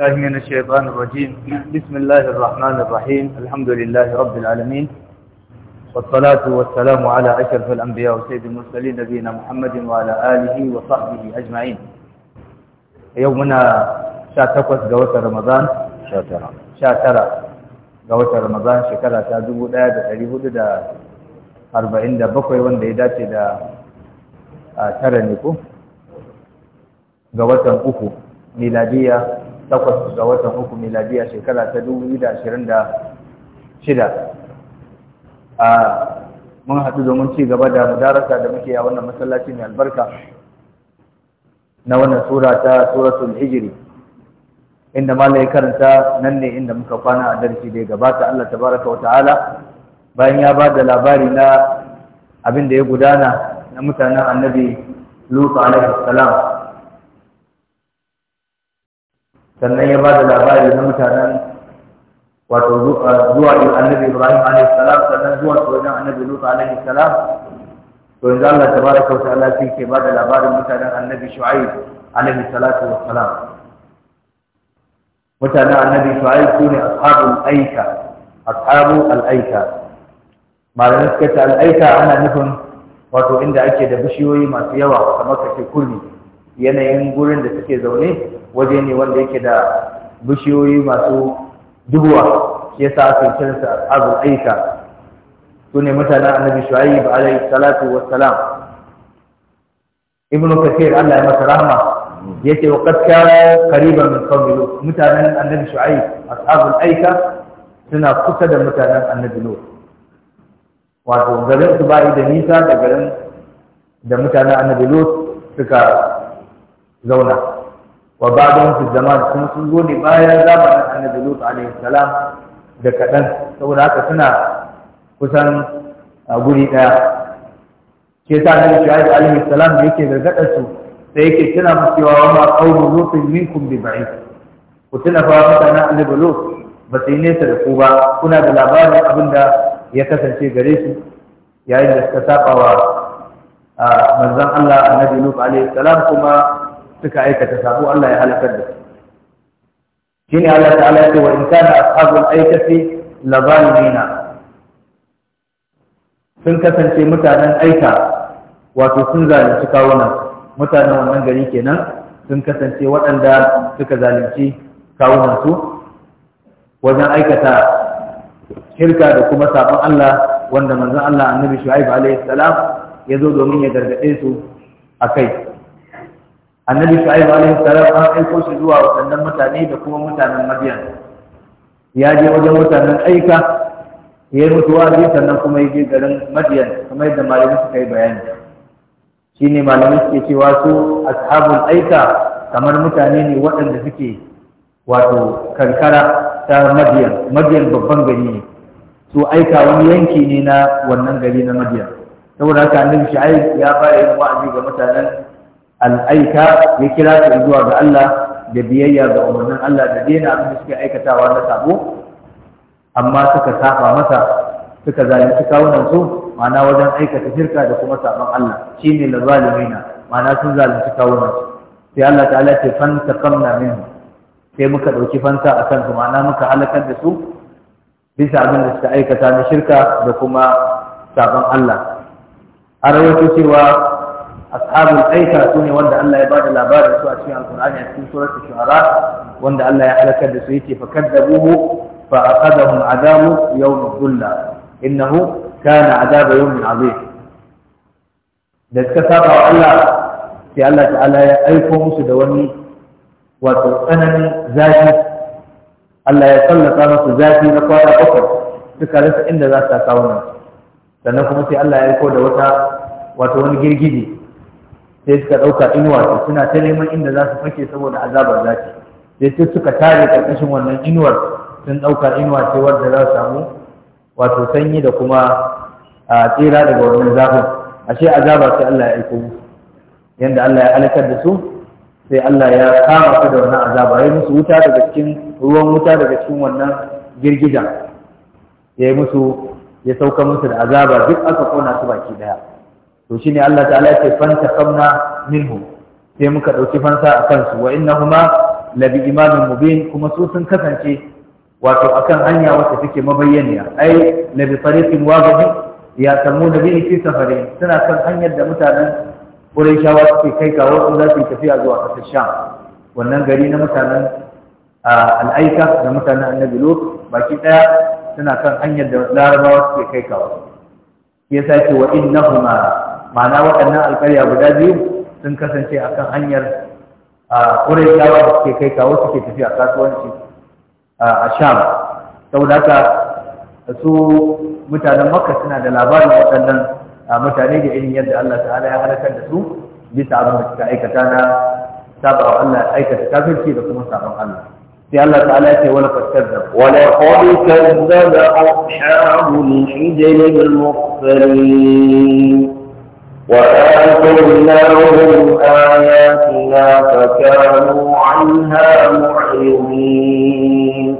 الله من الشيطان الرجيم بسم الله الرحمن الرحيم الحمد لله رب العالمين والصلاة والسلام على أشرف الأنبياء وسيد المرسلين نبينا محمد وعلى آله وصحبه أجمعين يومنا شاتكوس قوة رمضان شاترا شاترا قوة رمضان شكرا تادوه لا تتريه دا أربعين دا بقوي وان ديداتي دا ترنكو قوة أخو ميلادية takwas ga watan uku miladiya shekara ta dubu da ashirin da shida a mun haɗu domin ci gaba da mudarasa da muke a wannan masallaci mai albarka na wannan sura ta suratul hijiri inda malai karanta nan ne inda muka kwana a darsi da ya gabata Allah tabaraka wa ta'ala bayan ya ba da labari na abin da ya gudana na mutanen annabi Lutu alaihi salam sannan ya ba da labari na mutanen wato zuwa annabi ibrahim alaihi salam sannan zuwa wajen annabi lutu alaihi to yanzu Allah tabaraka wa ta'ala sai ke ba da labarin mutanen annabi shu'aib alaihi salatu wa salam mutanen annabi shu'aib sune ashabul aika ashabu al'aika. malamin suka ce al ana nufin wato inda ake da bishiyoyi masu yawa kamar kake kurmi yanayin gurin da suke zaune waje ne wanda yake da bishiyoyi masu duhuwa ya sa ake kiransa abu aika Su ne mutanen annabi shu'aib alayhi salatu wassalam ibnu kathir Allah ya masa rahma ya ce wa qad kana qariban min qablu mutanen annabi shu'aib ashabul aika suna kusa da mutanen annabi nuh wato garin su bai da nisa da garin da mutanen annabi lut suka zauna wa ba'dhum fi zaman sun sun zo ne bayan zamanin annabi a alaihi salam da kaɗan saboda haka suna kusan a guri ɗaya. ke sa annabi shu'aib alaihi salam da yake gargaɗar su sai yake tuna musu cewa wa ma qawlu lutin minkum bi ba'i ku tuna fa mutanen annabi lut ba su yi nesa da ku ba kuna da labarin abin da ya kasance gare su yayin da suka saba wa manzon Allah annabi lut alaihi salam kuma suka aikata sabo Allah ya halakar da su shine Allah ta'ala ya ce wa in kana ashabul aikati la zalimina sun kasance mutanen aika wato sun zalunci kawunan mutanen wannan gari kenan sun kasance waɗanda suka zalunci kawunansu wajen aikata shirka da kuma sabon Allah wanda manzon Allah annabi Shu'aib alaihi salam ya zo domin ya gargaɗe su a kai annabi shu'aibu alaihi salam an aiko shi zuwa waɗannan mutane da kuma mutanen madiyan ya je wajen mutanen aika ya yi mutuwa zai sannan kuma ya je garin madiyan kamar yadda malamin suka yi bayani shine malamin suke cewa su ashabul aika kamar mutane ne waɗanda suke wato kankara ta madiyan madiyan babban gari ne su aika wani yanki ne na wannan gari na madiyan saboda haka annabi shu'aib ya fara yin wa'azi ga mutanen al'aika ya kira su zuwa ga Allah da biyayya ga umarnin Allah da daina abin da suke aikatawa na sabo amma suka saba masa suka zalunci kawunan su ma'ana wajen aikata shirka da kuma sabon Allah shine na zalimina ma'ana sun zalunci kawunan su sai Allah ta'ala ce fan taqamna min sai muka ɗauki fansa a kansu, ma'ana muka halakar da su bisa abin da suka aikata na shirka da kuma saban Allah a rawaito cewa ashabul aika sune wanda Allah ya bada da labarin su a cikin alkur'ani a cikin surat shu'ara wanda Allah ya halakar da su yake fa kaddabuhu fa aqadahum adabu yawm dhulla innahu kana adaba yawmin azim da suka saba wa Allah sai Allah ta'ala ya aiko musu da wani wato tsananin zafi Allah ya sallaka musu zafi na kwana bakwai suka rasa inda za su ta kawo nan sannan kuma sai Allah ya aiko da wata wato wani girgije sai suka ɗauka inuwa ce suna ta neman inda za su fake saboda azabar zafi sai sai suka tare ƙarƙashin wannan inuwar sun ɗauka inuwa ce wadda za su samu wato sanyi da kuma a tsira daga wannan zafin ashe azaba sai Allah ya aiko musu yanda Allah ya halakar da su sai Allah ya kama su da wannan azaba ya musu wuta daga cikin ruwan wuta daga cikin wannan girgijan? ya yi musu ya sauka musu da azaba duk aka kona su baki daya to ne Allah ta'ala ce fanta kamna minhu sai muka ɗauki fansa a kansu wa huma, labi imamin mubin kuma su sun kasance wato akan hanya wacce take mabayyaniya ai labi tariqin wadihin ya samu da bihi fi safari suna kan hanyar da mutanen Qurayshawa suke kai kawo su za su tafiya zuwa kasar Sham wannan gari na mutanen al'aika da mutanen Annabi Lut baki daya suna kan hanyar da Larabawa suke kai kawo yasa ce wa innahuma ma'ana waɗannan alƙarya guda biyu sun kasance a kan hanyar a ƙuraishawa da suke kai kawo suke tafiya kasuwanci a sham saboda haka su mutanen makka suna da labarin waɗannan mutane da irin yadda Allah ta'ala ya halakar da su bisa abin da suka aikata na saba wa Allah aikata kafirci da kuma sabon Allah sai Allah ta'ala ya ce wala fakkar da wala qad kazzaba ashabul hijr al mursalin وآتيناهم آياتنا فكانوا عنها معرضين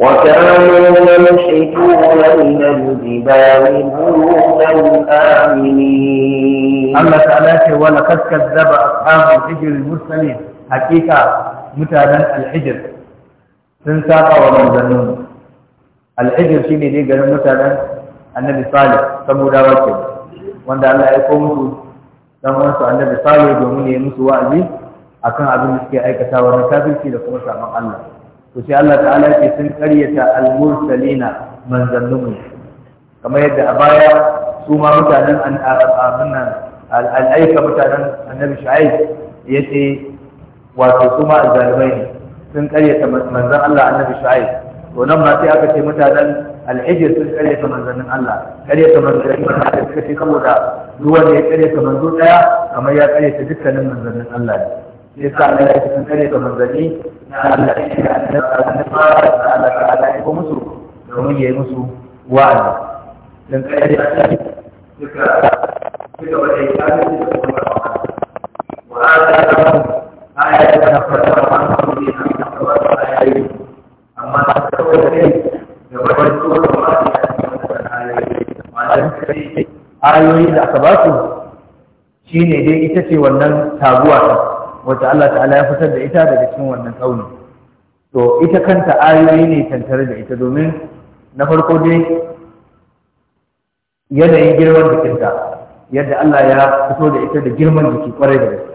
وكانوا يمشكون من الجبال بيوتا آمنين أما تعالى ولقد كذب أصحاب الحجر المرسلين حقيقة متابعة الحجر سنساق ومنزلون الحجر شيء دي قالوا متابعة النبي صالح فمداوته wanda Allah ya aiko musu dan wasu annabi salo domin ya musu wa'azi akan abin da suke aikatawa na kafirci da kuma saman Allah to sai Allah ta'ala ya ce sun karyata al-mursalina manzannumu kamar yadda a baya su ma mutanen abin nan al-aika mutanen annabi shu'aib yace wato su ma zalimai ne sun karyata manzan Allah annabi shu'aib to nan ma sai aka ce mutanen al'ajir sun karya ta manzannin Allah karya ta manzannin Allah da suka ce da ruwan ya karya ta manzo daya kamar ya karya ta dukkanin manzannin Allah ne sai sa Allah ya sun karya ta manzanni na Allah ya shiga annabawa da Allah ta'ala ya ko musu domin ya yi musu wa'azi dan karya ta suka suka wada ya kawo da kuma wa'azi wa'azi ta fara wa'azi amma ta kawo da ayoyi da aka ba su shine dai ita ce wannan taguwa ta wacce Allah ta'ala ya fitar da ita daga cikin wannan tsauni to ita kanta ayoyi ne tantare da ita domin na farko dai yanayin girman jikinta yadda Allah ya fito da ita da girman jiki kwarai da gaske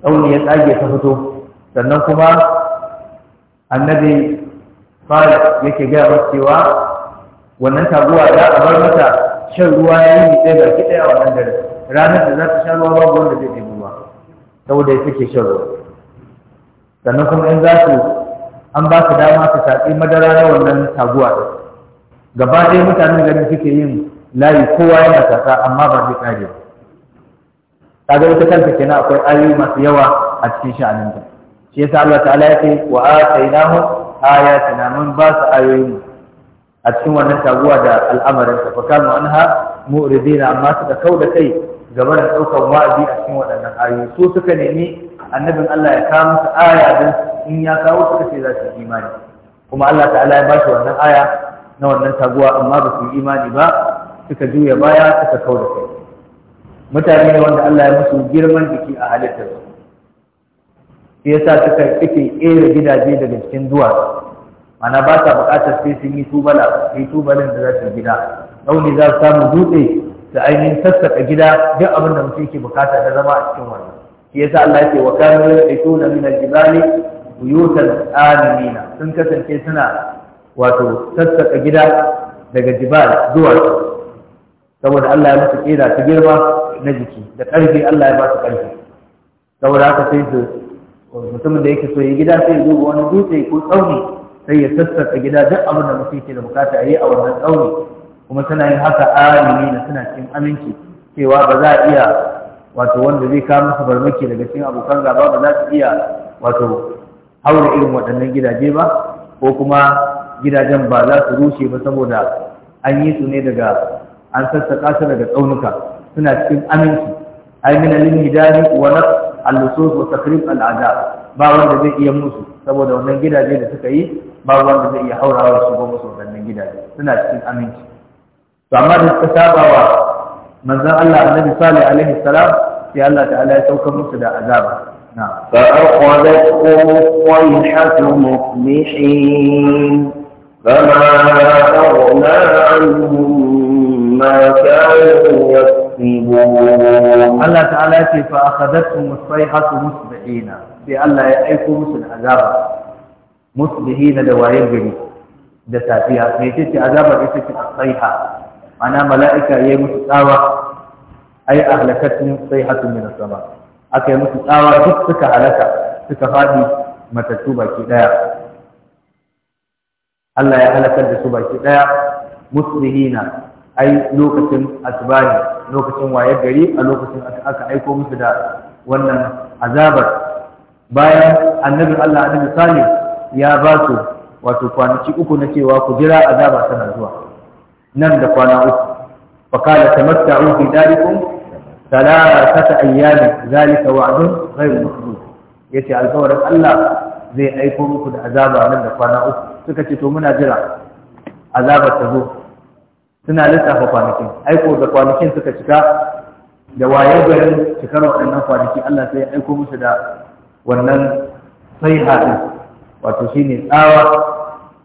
tsauni ya tsage ta fito sannan kuma annabi fara yake gaya cewa wannan taguwa ya a bar mata shan ruwa ya yi ɗaya baki ɗaya a wannan dare ranar da za ta sha ruwa babu wanda zai ɗebi ruwa saboda ya suke shan ruwa sannan kuma in za su an ba su dama su shaƙi madara na wannan taguwa ɗin gaba ɗaya mutanen gari suke yin layi kowa yana shaƙa amma ba zai ƙare ba kaga ita kanta na akwai ayoyi masu yawa a cikin sha'anin ta shi yasa Allah ta'ala ya ce wa atainahu ayatina mun ba su ayoyin a cikin wannan taguwa da al'amarin ta fakanu anha mu'ridina amma suka da kai game da ɗaukar wa'azi a cikin waɗannan ayoyi su suka nemi annabin Allah ya kawo musu aya don in ya kawo suka ce za su imani kuma Allah ta'ala ya bashi wannan aya na wannan taguwa amma ba su imani ba suka juya baya suka da kai mutane ne wanda Allah ya musu girman jiki a halittar su yasa suka kike ƙera gidaje daga cikin duwatsu ana ba ta buƙatar sai sun yi tubala sai tubalin da za su gida ɗauni za su samu dutse da ainihin sassaƙa gida duk abin da mutum ke buƙata na zama a cikin wannan shi yasa Allah ya ce wa kanu yaqituna min al-jibali buyutan amina sun kasance suna wato sassaƙa gida daga jibal zuwa saboda Allah ya musu ƙera ta girma na jiki da ƙarfi Allah ya ba su ƙarfi saboda haka sai su mutumin da yake so ya gida sai ya duba wani dutse ko tsauni sai ya sassaka gida duk abin da mutum ke da bukata yi a wannan tsauni kuma tana yin haka na suna cikin aminci cewa ba za a iya wato wanda zai kawo musu barmaki daga cikin abokan gaba ba za su iya wato haura irin waɗannan gidaje ba ko kuma gidajen ba za su rushe ba saboda an yi su ne daga an sassaka su daga tsaunuka suna cikin aminci ai min al-hidani wa na al-lusus wa takrib al-ada ba wanda zai iya musu saboda wannan gidaje da suka yi ba wanda zai iya haurawa su goma musu wadannan gidaje suna cikin aminci to amma da suka saba wa manzon Allah annabi salih alaihi salam sai Allah ta'ala ya saukar musu da azaba فأخذتهم الصيحة مصبحين فما أغنى عنهم ما كانوا يكسبون الله تعالى فأخذتهم الصيحة مصبحين في الله يأيكم مثل عذابه musbihina da wayar gari da safiya me ce ce azabar ita ce asaiha ana mala'ika ya yi musu tsawa ai ahlakatun sayhatun min as-sama aka yi musu tsawa duk suka halaka suka fadi matattu baki daya Allah ya halakar da su baki daya musbihina ai lokacin asbani lokacin wayar gari a lokacin aka aiko musu da wannan azabar bayan annabi Allah annabi Salih ya ba su wato kwanaki uku na cewa ku jira azaba tana zuwa nan da kwana uku fa kala tamatta'u fi darikum thalathata ayyamin zalika wa'dun ghayru makdud yace alƙawarin Allah zai aiko muku da azaba nan da kwana uku suka ce to muna jira azaba ta zo suna lissafa kwanakin aiko da kwanakin suka cika da wayar garin cikar waɗannan kwanaki Allah sai ya aiko musu da wannan sai haɗin wato shine tsawa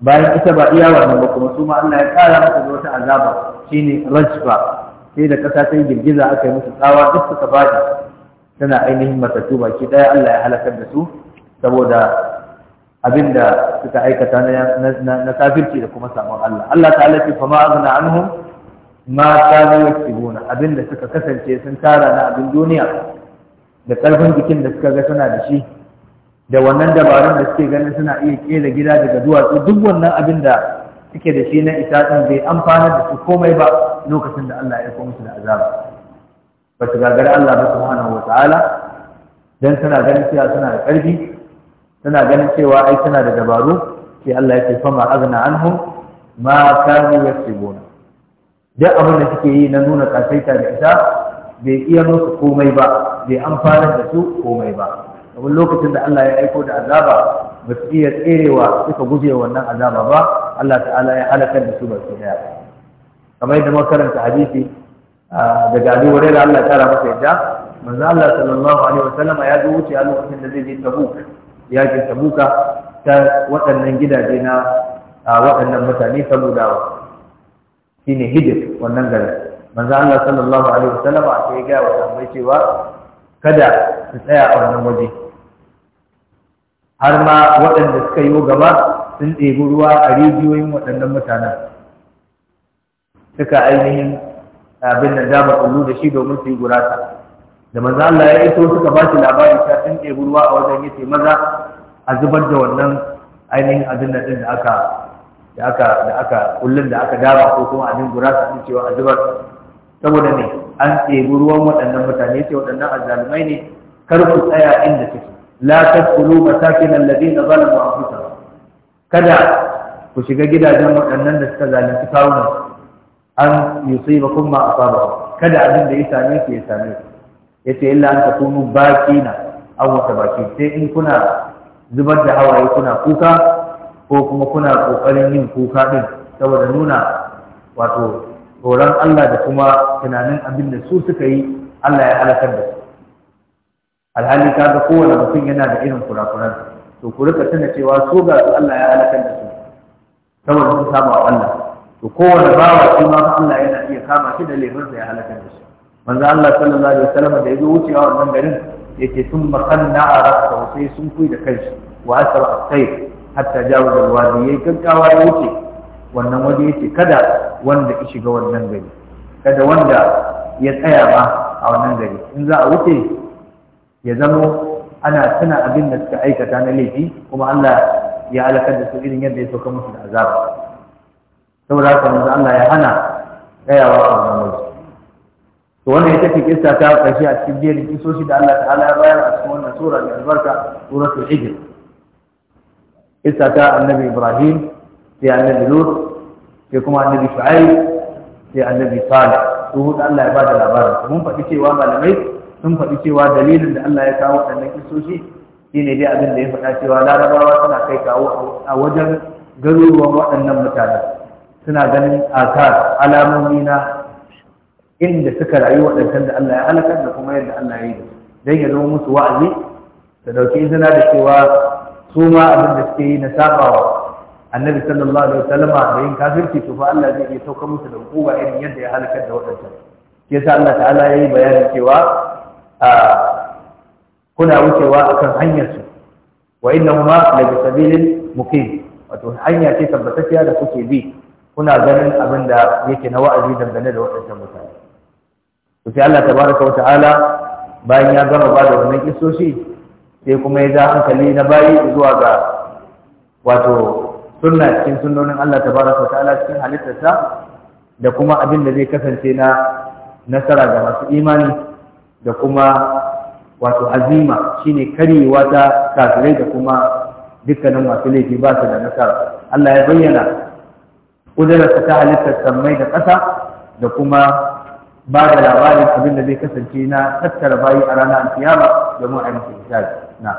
bayan ita ba iya wannan ba kuma su ma Allah ya kara musu wata azaba Shi ne rajfa sai da kasa ta girgiza aka yi musu tsawa duk suka fadi tana ainihin matattu ki daya Allah ya halakar da su saboda abinda suka aikata na na kafirci da kuma samun Allah Allah ta'ala ce fa ma azna anhum ma kanu yaktubuna abinda suka kasance sun tara na abin duniya da ƙarfin jikin da suka ga suna da shi da wannan dabarun da suke ganin suna iya kera gida daga duwatsu duk wannan abin da suke da shi na itatsun bai amfana da su komai ba lokacin da Allah ya aiko musu da azaba ba su gagari Allah ba subhanahu wata'ala dan suna ganin cewa suna da karfi, suna ganin cewa ai suna da dabaru sai Allah ya ce fa ma azna anhum ma kanu yaksubun duk abin da suke yi na nuna kasaita da ita bai iya musu komai ba bai amfana da su komai ba domin lokacin da Allah ya aiko da azaba ba su iya tserewa suka guje wannan azaba ba Allah ta'ala ya halakar da su ba su daya kamar yadda muka karanta hadisi daga Abi Hurairah Allah ya tara masa yadda manzo Allah sallallahu alaihi wasallam ya zo wuce a lokacin da zai je Tabuk yakin Tabuka ta waɗannan gidaje na waɗannan mutane saboda shine hijir wannan garin manzo Allah sallallahu alaihi wasallam a sai ga wa sahabbai cewa kada su tsaya a wannan waje har ma waɗanda suka yi gaba sun ɗebi ruwa a rijiyoyin waɗannan mutanen suka ainihin abin da dama kullu da shi domin su yi gurata da maza Allah ya iso suka ba shi labari ta sun ɗebi ruwa a wajen yace maza a zubar da wannan ainihin abin da da aka da aka da aka kullun da aka dama ko kuma abin gurasa sun cewa a zubar saboda ne an ɗebi ruwan waɗannan mutane yace waɗannan azzalumai ne kar ku tsaya inda kike la tadkhulu masakin a zalamu anfusahum kada ku shiga gidajen waɗannan da suka zalunci kawunan an yusibakum ma asaba kada abin da ya same su ya same Ya ce illa an takunu an wata baki, sai in kuna zubar da hawaye kuna kuka ko kuma kuna ƙoƙarin yin kuka ɗin, saboda nuna wato tsoron Allah da kuma tunanin abin da su suka yi Allah ya halakar da su alhali ka ga kowane mutum yana da irin kurakuran to ku rika tana cewa su ga su Allah ya halakar da su saboda sun samu Allah to kowane bawa shi ma Allah yana iya kama shi da sa ya halakar da shi manzo Allah sallallahu alaihi wasallam da yazo wucewa wannan garin yake sun makanna a rasa sai sun kui da kai, wa asra asai hatta jawo da wadi yayi gaggawa ya wuce wannan waje yake kada wanda ya shiga wannan gari kada wanda ya tsaya ba a wannan gari in za a wuce ya zama ana tuna abin da suka aikata na laifi kuma Allah ya halakar da su irin yadda ya sauka musu da azaba saboda haka manzo Allah ya hana tsayawa a wannan waje to wanda ya tafi kissa ta karshe a cikin jerin kisoshi da Allah ta'ala ya bayar a cikin wannan sura mai albarka suratul hijr kissa ta annabi Ibrahim sai annabi Lut sai kuma annabi Shu'aib sai annabi Salih su hudu Allah ya bada labarin mun faɗi cewa malamai sun faɗi cewa dalilin da Allah ya kawo waɗannan kisoshi shine dai abin da ya faɗa cewa larabawa suna kai kawo a wajen garuruwan waɗannan mutane suna ganin akar alamomi na inda suka rayu waɗancan da Allah ya halakar da kuma yadda Allah ya yi da don ya zama musu wa'azi da dauki izina da cewa su ma abin da suke yi na sabawa annabi sallallahu alaihi wasallama da yin kafirci to fa Allah zai iya sauka musu da hukuma irin yadda ya halakar da waɗancan yasa Allah ta'ala ya yi bayanin cewa kuna wucewa akan hanyar su wa innahuma la sabilin muqim wato hanya ce tabbatacciya da kuke bi kuna ganin abin da yake na wa'azi dangane da waɗancan mutane to sai Allah tabaraka wa ta'ala bayan ya gama ba da wannan kissoshi sai kuma ya ja hankali na bayi zuwa ga wato sunna cikin sunnonin Allah tabaraka ta'ala cikin halittarsa da kuma abin da zai kasance na nasara ga masu imani da kuma wato azima shine karyewa ta kafirai da kuma dukkanin masu laifi ba su da nasara Allah ya bayyana kudurarsa ta halittar sammai da ƙasa da kuma ba da labarin abin da zai kasance na tattara bayi a ranar kiyama domin a yi misali na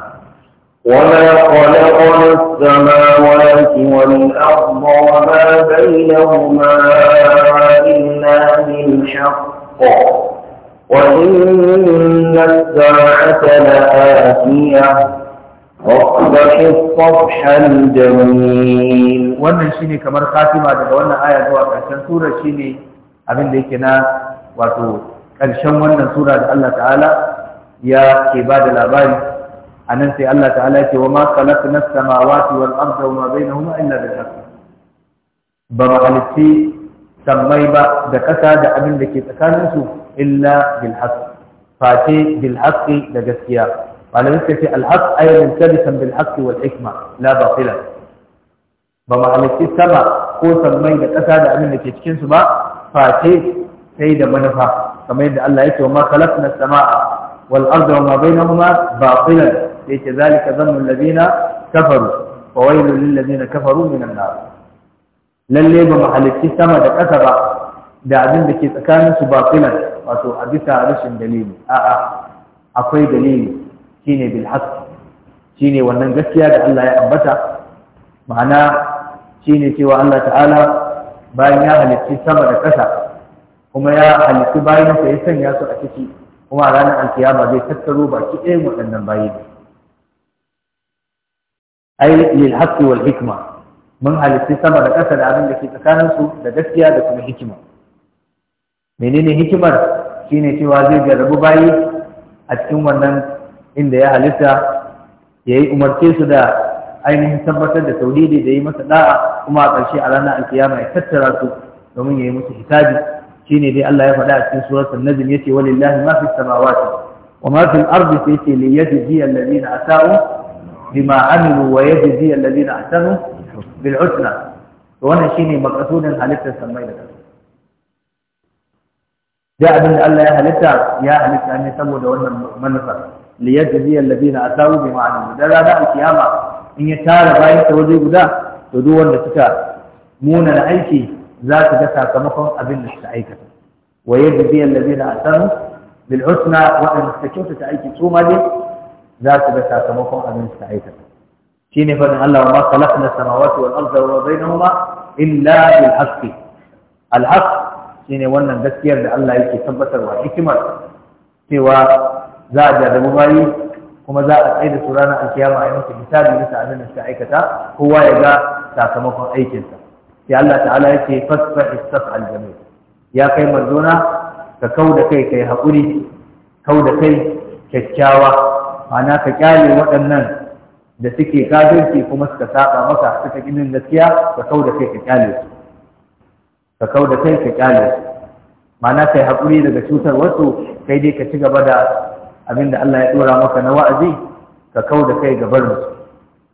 وما خلقنا ba والأرض وما بينهما إلا بالحق وإن الساعة لآتية واصبح الصبح الجميل wannan shine kamar Fatima daga wannan aya zuwa ƙarshen sura shine abin da yake na wato ƙarshen wannan sura da Allah ta'ala ya ke ba da labari anan sai Allah ta'ala ya ce wa ma khalaqna as-samawati wal arda wa ma bainahuma illa bil haqq ba ma halitti sammai ba da ƙasa da abin da ke tsakaninsu illa bil haqq fati bil haqq da gaskiya malamai suka ce al haqq ay muntabisan bil haqq wal hikma la batila ba ma halitti sama ko sammai da ƙasa da abin da ke cikin su ba fati sai da manufa kamar yadda Allah yake wa ma khalaqna as-samaa wal arda wa ma bainahuma batilan yake zalika zammu alladhina kafaru fa waylun lil ladina kafaru minan nar lalle ba ma halitti sama da ƙasa ba da abin da ke tsakanin su bafilan wato a bisa rashin dalili a'a akwai dalili shine bil haqq shine wannan gaskiya da Allah ya ambata ma'ana shine cewa Allah ta'ala bayan ya halitti sama da ƙasa kuma ya halitti bayan sa ya sanya su a ciki kuma ranar alkiyama zai tattaro baki ɗaya waɗannan bayi ai lil haqqi wal hikma mun halitti sama da ƙasa da abin da ke tsakanin su da gaskiya da kuma hikima menene hikimar shine cewa zai jarrabu bayi a cikin wannan inda ya halitta ya yi umarce su da ainihin tabbatar da tauhidi da ya yi masa da'a kuma a ƙarshe a ranar alkiyama ya tattara su domin ya yi musu hisabi shine dai Allah ya faɗa a cikin suratul najm yace walillahi ma fis samawati wa ma fil ardi yace li yajzi alladhina asa'u bima amilu wa yajzi alladhina ahsanu bil husna to wannan shine maqsudin halittar samai da da abin da Allah ya halitta ya halitta ne saboda wannan manufa liyajzi alladhina asawu bi ma'anin da a kiyama in ya tara bayan ta waje guda to duk wanda suka muna aiki za su ga sakamakon abin da suka aikata wa yajzi alladhina asanu bil husna wa an takunta ta aiki su ma dai za su ga sakamakon abin da suka aikata shine fadin Allah wa ma khalaqna samawati wal arda wa ma bainahuma illa bil haqqi al haqq shine wannan gaskiyar da Allah yake tabbatarwa hikimar cewa za a jarrabu bayi kuma za a tsaye da su ranar alkiyama a yanka misali bisa abin da suka aikata kowa ya ga sakamakon aikinsa sai Allah ta'ala yake fasfa istaf aljami ya kai manzona ka kau da kai kai haƙuri kau da kai kyakkyawa ma'ana ka kyale waɗannan da suke kafirci kuma suka saba maka suka ƙinin gaskiya ka kau da kai ka kyale su ka kau da kai ka kyale ma'ana kai haƙuri daga cutar wasu kai dai ka ci gaba da abin da Allah ya ɗora maka na wa'azi ka kau da kai ga barin su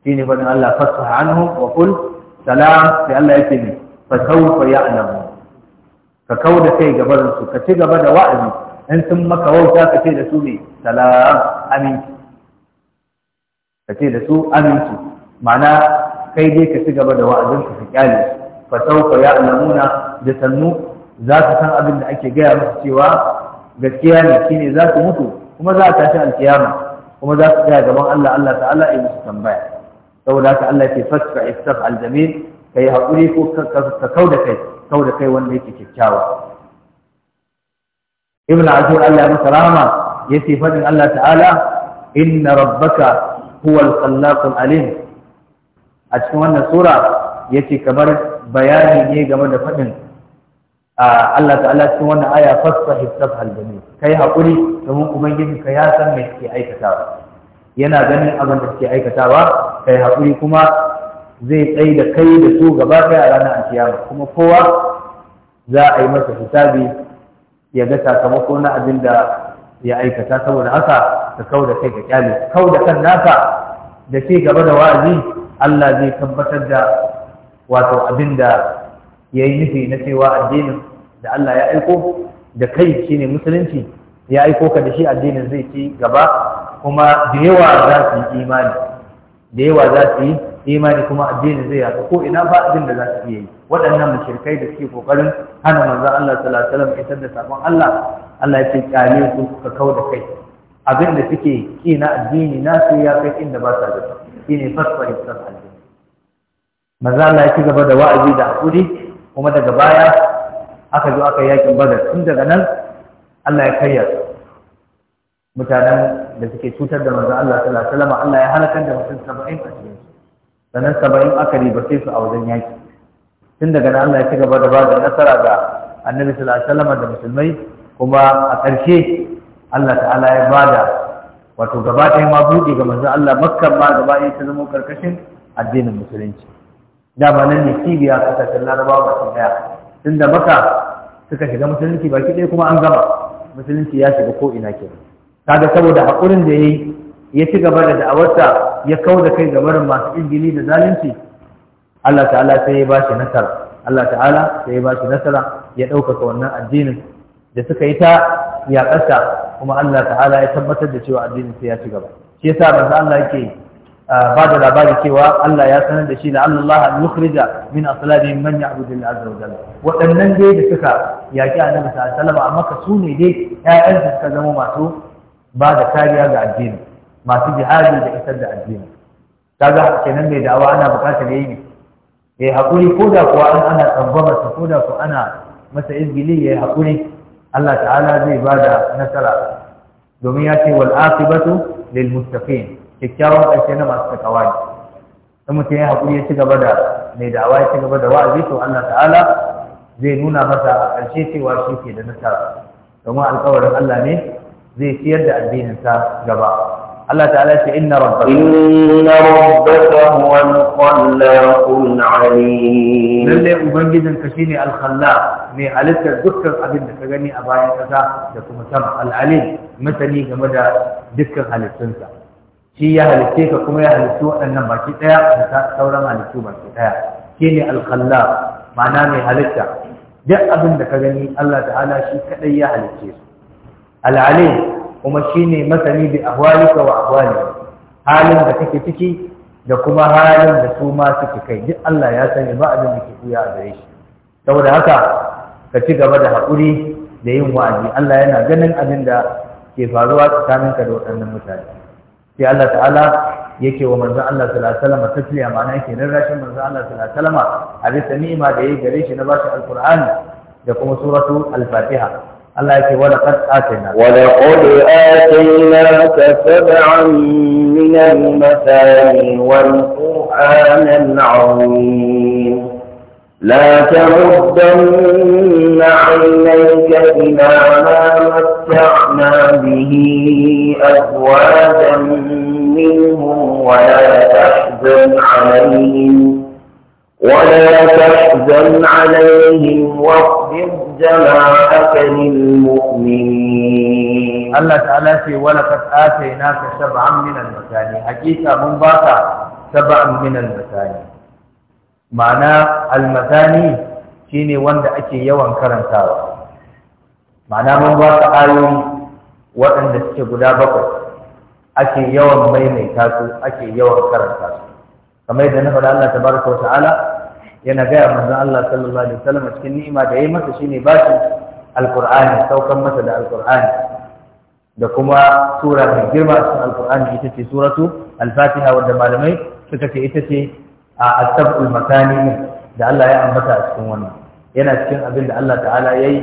shi ne faɗin Allah fasa hannu wa kul salam sai Allah ya ce ne fa sawfa ya'lamu ka kau da kai ga barin su ka ci gaba da wa'azi in sun maka wauta ka ce da su ne salam aminci ka ce da su aminci ma'ana kai dai ka ci gaba da wa'azin ka ka kyale su fasauka ya alamuna da sannu za su san abin da ake gaya musu cewa gaskiya ne shine za su mutu kuma za a tashi alkiyama kuma za su tsaya gaban Allah Allah ta'ala ya musu tambaya saboda haka Allah ke fasfa istaf aljamil yi haƙuri ko ka kau da kai kau da kai wanda yake kyakkyawa ibn azur Allah ya masa rahama yace fadin Allah ta'ala inna rabbaka huwal khallaqul alim a cikin wannan sura ce kamar bayani ne game da faɗin Allah ta'ala cikin wannan aya fasfa hissab halbani kai haƙuri domin ubangiji ka ya san me suke aikatawa yana ganin abin da suke aikatawa kai haƙuri kuma zai tsaye da kai da su gaba ɗaya a ranar alkiyama kuma kowa za a yi masa hisabi ya ga sakamako na abin da ya aikata saboda haka ka kau da kai ka kyale kau da kan naka da ke gaba da wa'azi Allah zai tabbatar da wato abin da ya yi nufi na cewa addinin da Allah ya aiko da kai shine musulunci ya aiko ka da shi addinin zai ci gaba kuma da yawa za su yi imani da yawa za su yi imani kuma addinin zai yaɗu ko ina ba abin da za su iya yi waɗannan mushrikai da suke kokarin hana manzon Allah sallallahu alaihi isar da sakon Allah Allah ya ce kyale su ka kau da kai abin da suke ki na addini nasu ya kai inda ba sa da shine fasfari addini. maza Allah ya ci gaba da wa'azi da hakuri kuma daga baya aka zo aka yakin badar tun daga nan Allah ya karya mutanen da suke cutar da manzo Allah sallallahu alaihi wasallam Allah ya halaka da mutum 70 a cikin sannan 70 aka ribace su a wajen yaki tun daga nan Allah ya ci gaba da ba da nasara ga annabi sallallahu alaihi wasallam da musulmai kuma a ƙarshe Allah ta'ala ya bada wato gaba ɗaya ma buɗe ga manzo Allah makkar ma gaba ɗaya ta zama karkashin addinin musulunci dama nan ne cibiya kasashen larabawa ba su daya tun da maka suka shiga musulunci baki ɗaya kuma an gama musulunci ya shiga ko ina ke kaga saboda haƙurin da ya yi ya ci gaba da da'awarsa ya kau da kai ga barin masu injili da zalunci Allah ta'ala sai ya ba nasara Allah ta'ala sai ya ba nasara ya ɗaukaka wannan addinin da suka yi ta yaƙarsa kuma Allah ta'ala ya tabbatar da cewa addinin sai ya ci gaba shi yasa manzo Allah yake ba da labari cewa Allah ya sanar da shi la'anna Allah an yukhrija min aslabi man ya'budu Allah azza wa jalla waɗannan dai da suka yaki annabi sallallahu alaihi wasallam amma su ne dai ƴaƴansu suka zama masu ba da kariya ga addini masu jihadi da isar da addini kaga kenan mai da'awa ana bukatar yayi yayi hakuri ko da kuwa an ana tsangwama sa ko da kuwa ana masa izgili ya hakuri Allah ta'ala zai bada nasara domin ya ce wal aqibatu lil muttaqin kyakkyawan ƙarshe na masu takawa ne in mutum ya haƙuri ya ci gaba da mai da'awa ya ci gaba da wa'azi to Allah ta'ala zai nuna masa a ƙarshe cewa shi ke da nasara domin alƙawarin Allah ne zai siyar da addininsa gaba Allah ta'ala ce inna rabbaka inna rabbaka huwal khallaqul alim lalle ubangijin ka shine al khallaq mai halittar dukkan abin da ka gani a bayan kasa da kuma sama al alim masani game da dukkan halittunsa shi ya halitte ka kuma ya halitte waɗannan baki ɗaya da sauran halittu baki ɗaya shi ne alkhalla ma'ana mai halitta duk abin da ka gani Allah ta'ala shi kaɗai ya halitte su al'alim kuma shi ne masani bi ahwalika wa ahwali halin da kake ciki da kuma halin da su ma suke kai duk Allah ya sani ba abin da ke kuya a gare shi saboda haka ka ci gaba da haƙuri da yin wa'azi Allah yana ganin abin da ke faruwa tsakaninka da waɗannan mutane sai Allah ta'ala yake wa manzon Allah sallallahu alaihi wasallam tasliya ma'ana yake rarrashin manzon Allah sallallahu alaihi wasallam a bisa ni'ima da yake gare shi na bashi alqur'ani da kuma suratu al-fatiha Allah yake wa laqad atayna wa laqad ataynaka sab'an min al-masani wal qur'an al-'azim لا تردن عينيك إلى ما متعنا به أزواجا منهم ولا تحزن عليهم ولا تحزن عليهم واخفض جناحك للمؤمنين الله تعالى في ولقد آتيناك سبعا من المثاني حقيقة من باقى سبعا من المثاني ma'ana almatani shine wanda ake yawan karantawa ma'ana mun ba ka ayoyi waɗanda suke guda bakwai ake yawan maimaita su ake yawan karanta su kamar yadda na faɗa Allah tabaraka wata'ala yana gaya manzon Allah sallallahu alaihi wasallam cikin ni'ima da yayi masa shine ba shi alqur'ani saukan masa da alqur'ani da kuma sura mai girma a cikin alqur'ani ita ce suratu al-fatiha wanda malamai suka ce ita ce a asabul makani ne da Allah ya ambata a cikin wannan yana cikin abin da Allah ta'ala ya yi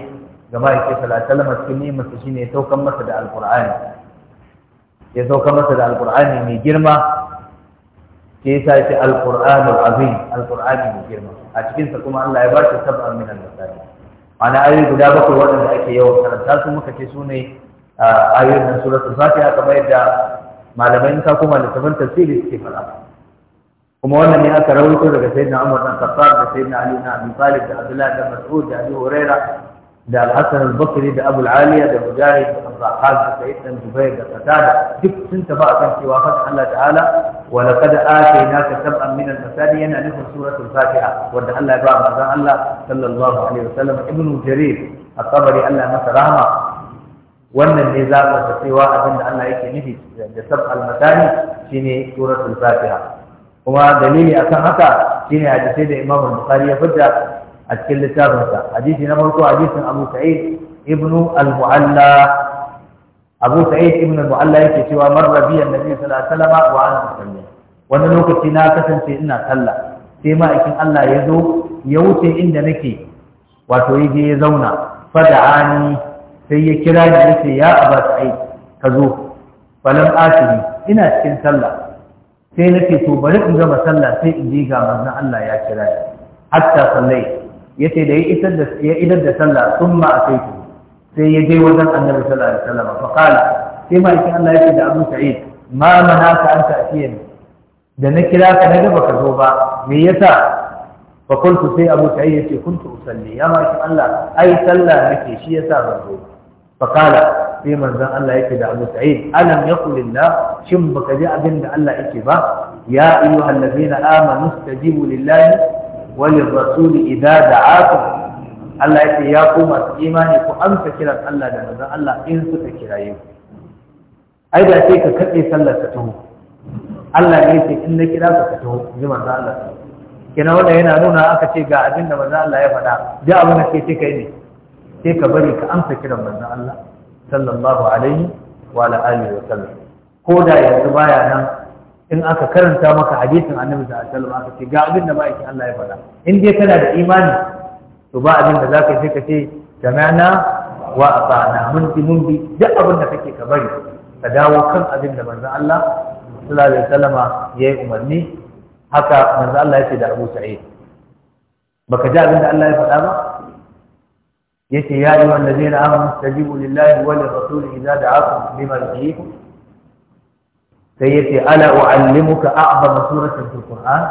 ga ma'aiki salatalama cikin nimarsa shine ya sauka masa da alkur'ani ya saukan masa da alkur'ani mai girma ke sa shi alkur'ani azim alkur'ani mai girma a cikinsa kuma Allah ya ba shi sab'a min al-masali ana ayoyi guda bakwai waɗanda ake yawan karanta su muka ce su ne ayoyin nan suratul fatiha kamar yadda malamai in ka koma da tafsiri suke faɗa kuma wannan ne aka rawaito daga sayyidina Umar dan Khattab da sayyidina Ali na Abi Talib da Abdullah da Mas'ud da Abi Huraira da Al-Hasan al-Basri da Abu al-Aliya da Mujahid da Zahab da Sa'id bin da Qatada duk sun taba akan cewa fa Allah ta'ala wa laqad atainaka sab'an min al-masani yana nufin suratul Fatiha wanda Allah ya ba manzon Allah sallallahu alaihi wasallam Ibn Jarir at-Tabari Allah masa rahma wannan ne za zaɓar da cewa abinda Allah yake nufi da sab'al matani shine suratul Fatiha kuma dalili akan haka shine hadisai da Imam Bukhari ya fidda a cikin littafinsa hadisi na farko hadisin Abu Sa'id ibn al-Mu'alla Abu Sa'id ibn al-Mu'alla yake cewa marra bi annabi sallallahu alaihi wasallam wa ana musalli wannan lokaci na kasance ina sallah sai ma'aikin Allah ya zo ya wuce inda nake wato yaje ya zauna fada'ani sai ya kira ni yace ya Abu Sa'id ka zo falam asiri, ina cikin sallah sai na ce to bari in gama sallah sai in je ga manzon Allah ya kira ni hatta sallai yace da ya isar da ya idar da sallah summa ataitu sai ya je wajen annabi sallallahu alaihi wasallam fa qala sai ma yake Allah yace da Abu Sa'id ma manaka an ta'tiya da na kira ka na gaba ka zo ba me yasa fa qultu sai Abu Sa'id yace kuntu usalli ya ma Allah ai sallah nake shi yasa ban zo ba fakala sai manzon Allah yake da Abu Sa'id alam yaqul lillah shin baka ji abin da Allah yake ba ya ayyuhal ladina amanu istajibu lillahi walin rasuli da da'akum Allah yake ya koma su imani ku amsa kiran Allah da manzon Allah in suka kiraye ku ai da sai ka katse sallar ka taho Allah ne yake in na kira ka ka taho ji manzon Allah kina wanda yana nuna aka ce ga abin da manzon Allah ya faɗa ji abin da ke ce kai ne sai ka bari ka amsa kiran manzon Allah sallallahu alaihi wa ala alihi wa sallam ko da yanzu baya nan in aka karanta maka hadisin annabi sallallahu alaihi wasallam aka ce ga abin da ma'aikin Allah ya faɗa in dai kana da imani to ba abin da zaka sai ka ce jami'ana wa ata'ana mun bi mun bi duk abin da kake ka bari ka dawo kan abin da manzon Allah sallallahu alaihi wasallama ya yi umarni haka manzon Allah ya ce da Abu Sa'id baka ji abin da Allah ya faɗa ba yace ya yi ayyuhal ladina amanu istajibu lillahi wani wa lirrasuli idza da'akum lima yuhyikum sai ya yace ala uallimuka a'zama suratin fil qur'an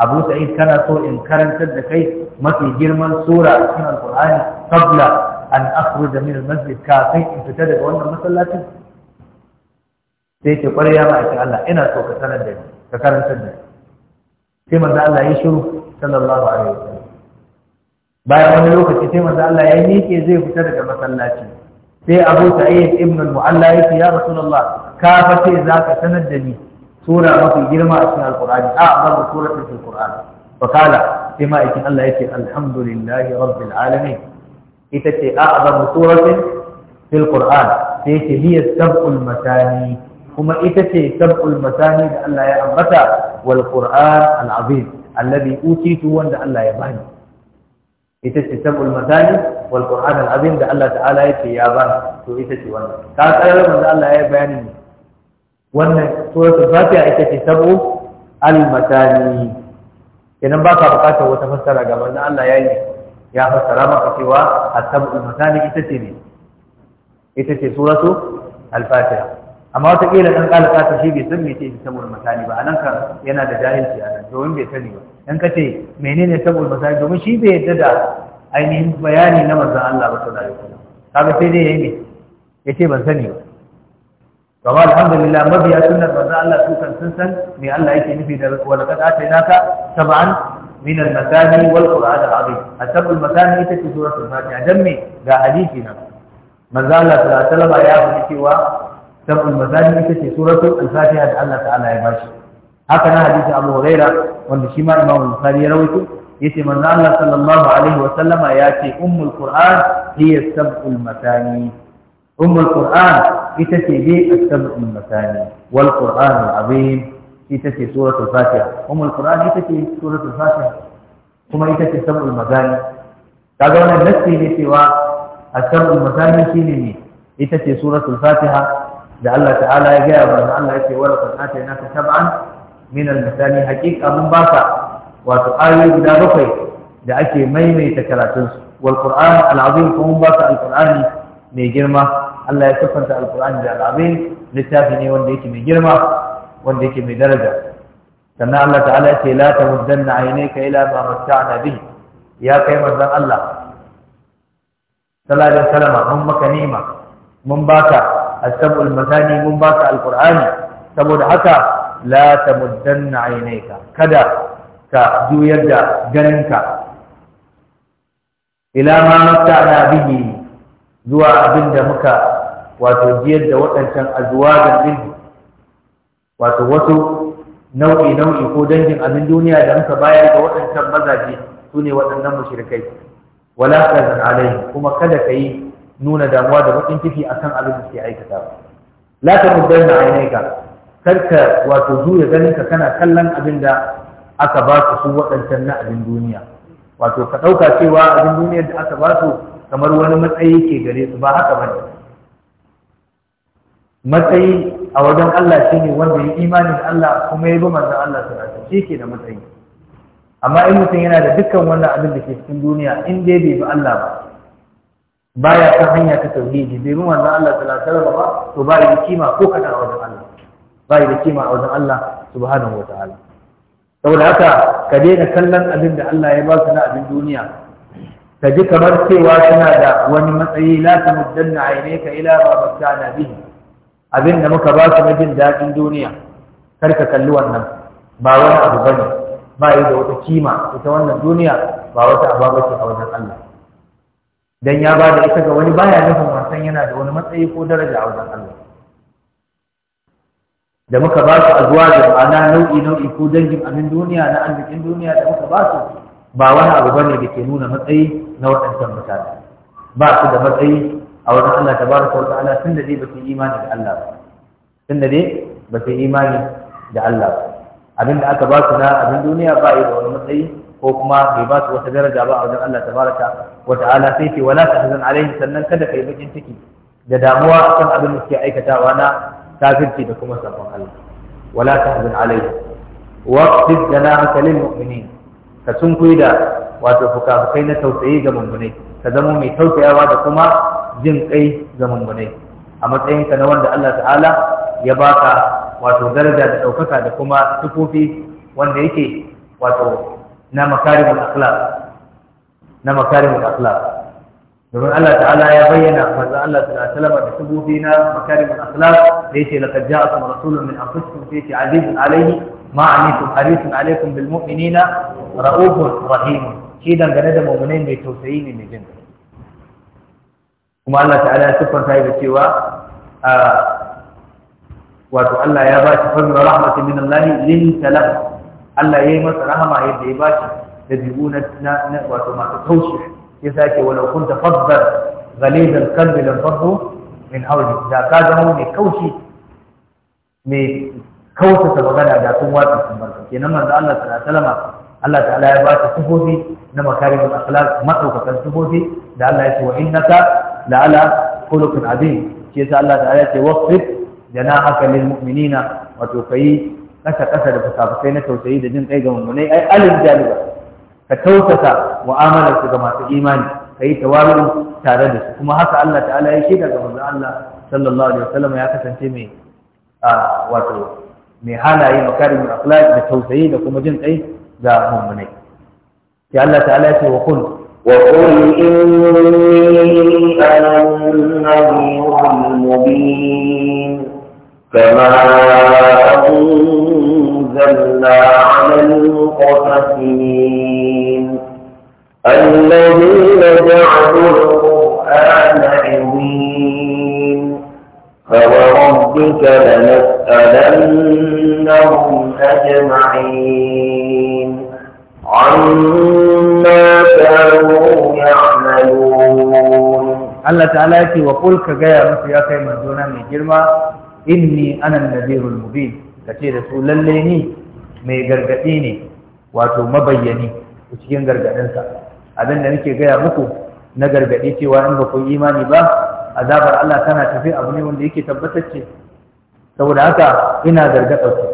abu sa'id kana so in karantar da kai mafi girman sura a cikin alqur'ani qabla an akhruja min almasjid kafin in fita daga wannan masallacin sai yace ƙwarya ma ake Allah ina so ka sanar da ka karantar da sai manzo Allah ya shiru sallallahu alaihi wasallam bayan wani lokaci sai manzo Allah ya miƙe zai fita daga masallaci sai Abu Sa'id ibn al-Mu'alla yake ya Rasulullah ka fa sai zaka sanar da ni sura mafi girma a cikin Al-Qur'ani a ah, babu sura cikin qurani fa kala sai ma ikin Allah yake alhamdulillahi rabbil alamin ita ce a ah, babu sura cikin qurani sai yake hiya sab'ul matani kuma ita ce sab'ul matani da Allah ya ambata wal Qur'an al-azim alladhi utitu wanda Allah ya bani ita ce sabul matani wal qur'an al azim da Allah ta'ala ya ce ya ba to ita ce wannan ka tsayar manzo Allah ya bayani wannan suratul fatiha ita ce sabu al matani kenan ba ka bukatar wata fassara ga manzo Allah ya yi ya fassara maka cewa at-sabul matani ita ce ne ita ce suratu al-fatiha amma wata kila dan kalaka ta shi bai san me ce sabul matani ba anan ka yana da jahilci a anan domin bai sani ba Yan ka ce menene saboda misali domin shi bai yadda da ainihin bayani na manzon Allah ba sallallahu alaihi wasallam kaga sai dai yayi ya ce ban sani ba kama alhamdulillah mabiya sunnar manzon Allah su kan sun san me Allah yake nufi da wala kad atainaka sab'an min al-masani wal qur'an al-azim asabul masani ita ce suratul fatiha dan me ga hadisi na manzon Allah sallallahu alaihi wasallam ya faɗi cewa sabul masani ita ce suratul al-fatiha da Allah ta'ala ya bashi haka na hadisi abu huraira wanda shi ma imamu bukhari ya rawaito yace manzo Allah sallallahu alaihi wa sallama ya ce ummul qur'an hiya sab'ul matani ummul qur'an ita ce dai as-sab'ul matani wal qur'an al-azim ita ce suratul fatiha ummul qur'an ita ce suratul fatiha kuma ita ce sab'ul matani kaga wannan nasi ne cewa as-sab'ul matani shine ne ita ce suratul fatiha da Allah ta'ala ya ga manzo Allah yake wa laqad atainaka sab'an min al-misali haqiqa mun ba ka wato ayoyi guda bakwai da ake maimaita karatun su wal qur'an al-azim kuma ba ka al-qur'ani mai girma Allah ya siffanta al-qur'ani da al-azim littafi ne wanda yake mai girma wanda yake mai daraja sannan Allah ta'ala ya ce la tamuddanna aynaka ila ma matta'na bihi ya kai manzon Allah sallallahu alaihi wasallam mun maka ni'ima mun baka asabul masani mun baka alqur'ani saboda haka la tamuddanna aynayka kada ka juyar da ganinka ila ma na bihi zuwa abinda muka wato jiyar da waɗancan da bihi wato wasu nau'i nau'i ko dangin abin duniya da muka bayar ga waɗancan mazaje su ne waɗannan mushrikai wala zan alaihi kuma kada ka yi nuna damuwa da bakin ciki akan abin da suke aikata la tamuddanna aynayka karka wato juya ganin ka kana kallon abin da aka ba su su waɗancan na abin duniya wato ka ɗauka cewa abin duniyar da aka ba su kamar wani matsayi ke gare su ba haka bane matsayi a wajen Allah shine wanda ya imani da Allah kuma ya bi manzon Allah sallallahu alaihi ke da matsayi amma in mutum yana da dukkan wannan abin da ke cikin duniya in dai bai bi Allah ba baya kan hanya ta tauhidi bai bi manzon Allah sallallahu alaihi ba to ba ya kima ko kada a wajen Allah bai da kima a wajen Allah subhanahu wataala saboda haka ka daina kallon abin da Allah ya ba su na abin duniya ka ji kamar cewa suna da wani matsayi la ta muddanna ainaka ila ma na bihi abin da muka ba su na jin daɗin duniya kar ka kalli wannan ba wani abu bane ba yi da wata kima ita wannan duniya ba wata ababa ce a wajen Allah dan ya ba da ita ga wani baya nufin wasan yana da wani matsayi ko daraja a wajen Allah da muka ba su azuwa da ma'ana nau'i nau'i ko dangin abin duniya na arzikin duniya da muka ba su ba wani abu bane da ke nuna matsayi na waɗancan mutane ba su da matsayi a wajen Allah ta tabaraka wa ta'ala tun da dai ba su imani da Allah ba tun da dai ba su imani da Allah ba abinda aka ba su na abin duniya ba ya da wani matsayi ko kuma bai ba su wata daraja ba a wajen Allah tabaraka wa ta'ala sai ce wala tahzan alaihim sannan kada kai bakin ciki da damuwa akan abin da suke aikatawa na kafirci da kuma sabon Allah wala tahzan alaihi waqtid janahaka lil mu'minin ka sunkuyi da wato fukafukai na tausayi ga mummunai ka zama mai tausayawa da kuma jin kai ga mummunai a matsayinka na wanda Allah ta'ala ya baka wato daraja da ɗaukaka da kuma tufofi wanda yake wato na makarimul akhlaq na makarimul akhlaq domin Allah ta'ala ya bayyana manzo Allah sallallahu alaihi wasallam da subuhi na makarimul akhlaq da yace laqad ja'akum rasulun min anfusikum fi ta'zizun alayhi ma anitum harisun alaykum bil mu'minina ra'ufur rahim shi dangane da mu'minai mai tausayi ne mai jin kuma Allah ta'ala ya siffanta da cewa wato Allah ya ba shi fadlan rahmatin min Allah lin talab Allah yayi masa rahama yadda ya ba shi da bibu na wato masu tausayi ya sake wala kunta faddar ghalizal qalbi lan faddu min hawli da ka zama mai kaushi mai kausa ta magana da sun watsa sun barka kenan manzo Allah sallallahu alaihi Allah ta'ala ya ba ta sifofi na makarimul akhlaq madaukakan sifofi da Allah ya ce wa innaka la'ala khuluqin azim shi yasa Allah ta'ala ya ce wasfit janahaka lil mu'minina wato kai kasa kasa da fukafukai na tausayi da jin kai ga mummunai ai alil jaliba ka tausasa mu'amalar su ga masu imani kai yi tare da su kuma haka Allah ta'ala ya shaida ga manzon Allah sallallahu alaihi wasallam ya kasance mai wato mai halaye makarimi akhlaq da tausayi da kuma jin kai ga mu'minai sai Allah ta'ala ya ce wa qul وقل إني أنا النذير المبين كما أظن أنزلنا على المقتسمين الذين جعلوا القرآن عظيم فوربك لنسألنهم أجمعين عما كانوا يعملون الله تعالى وقل كجاء مثل يا كيما دون من جرما إني أنا النذير المبين ka ce da su lalle ni mai gargaɗi ne wato mabayyani cikin gargaɗinsa abin da nake gaya muku na gargaɗi cewa in ba ku imani ba azabar Allah tana tafi abu ne wanda yake tabbatacce saboda haka ina gargaɗa ku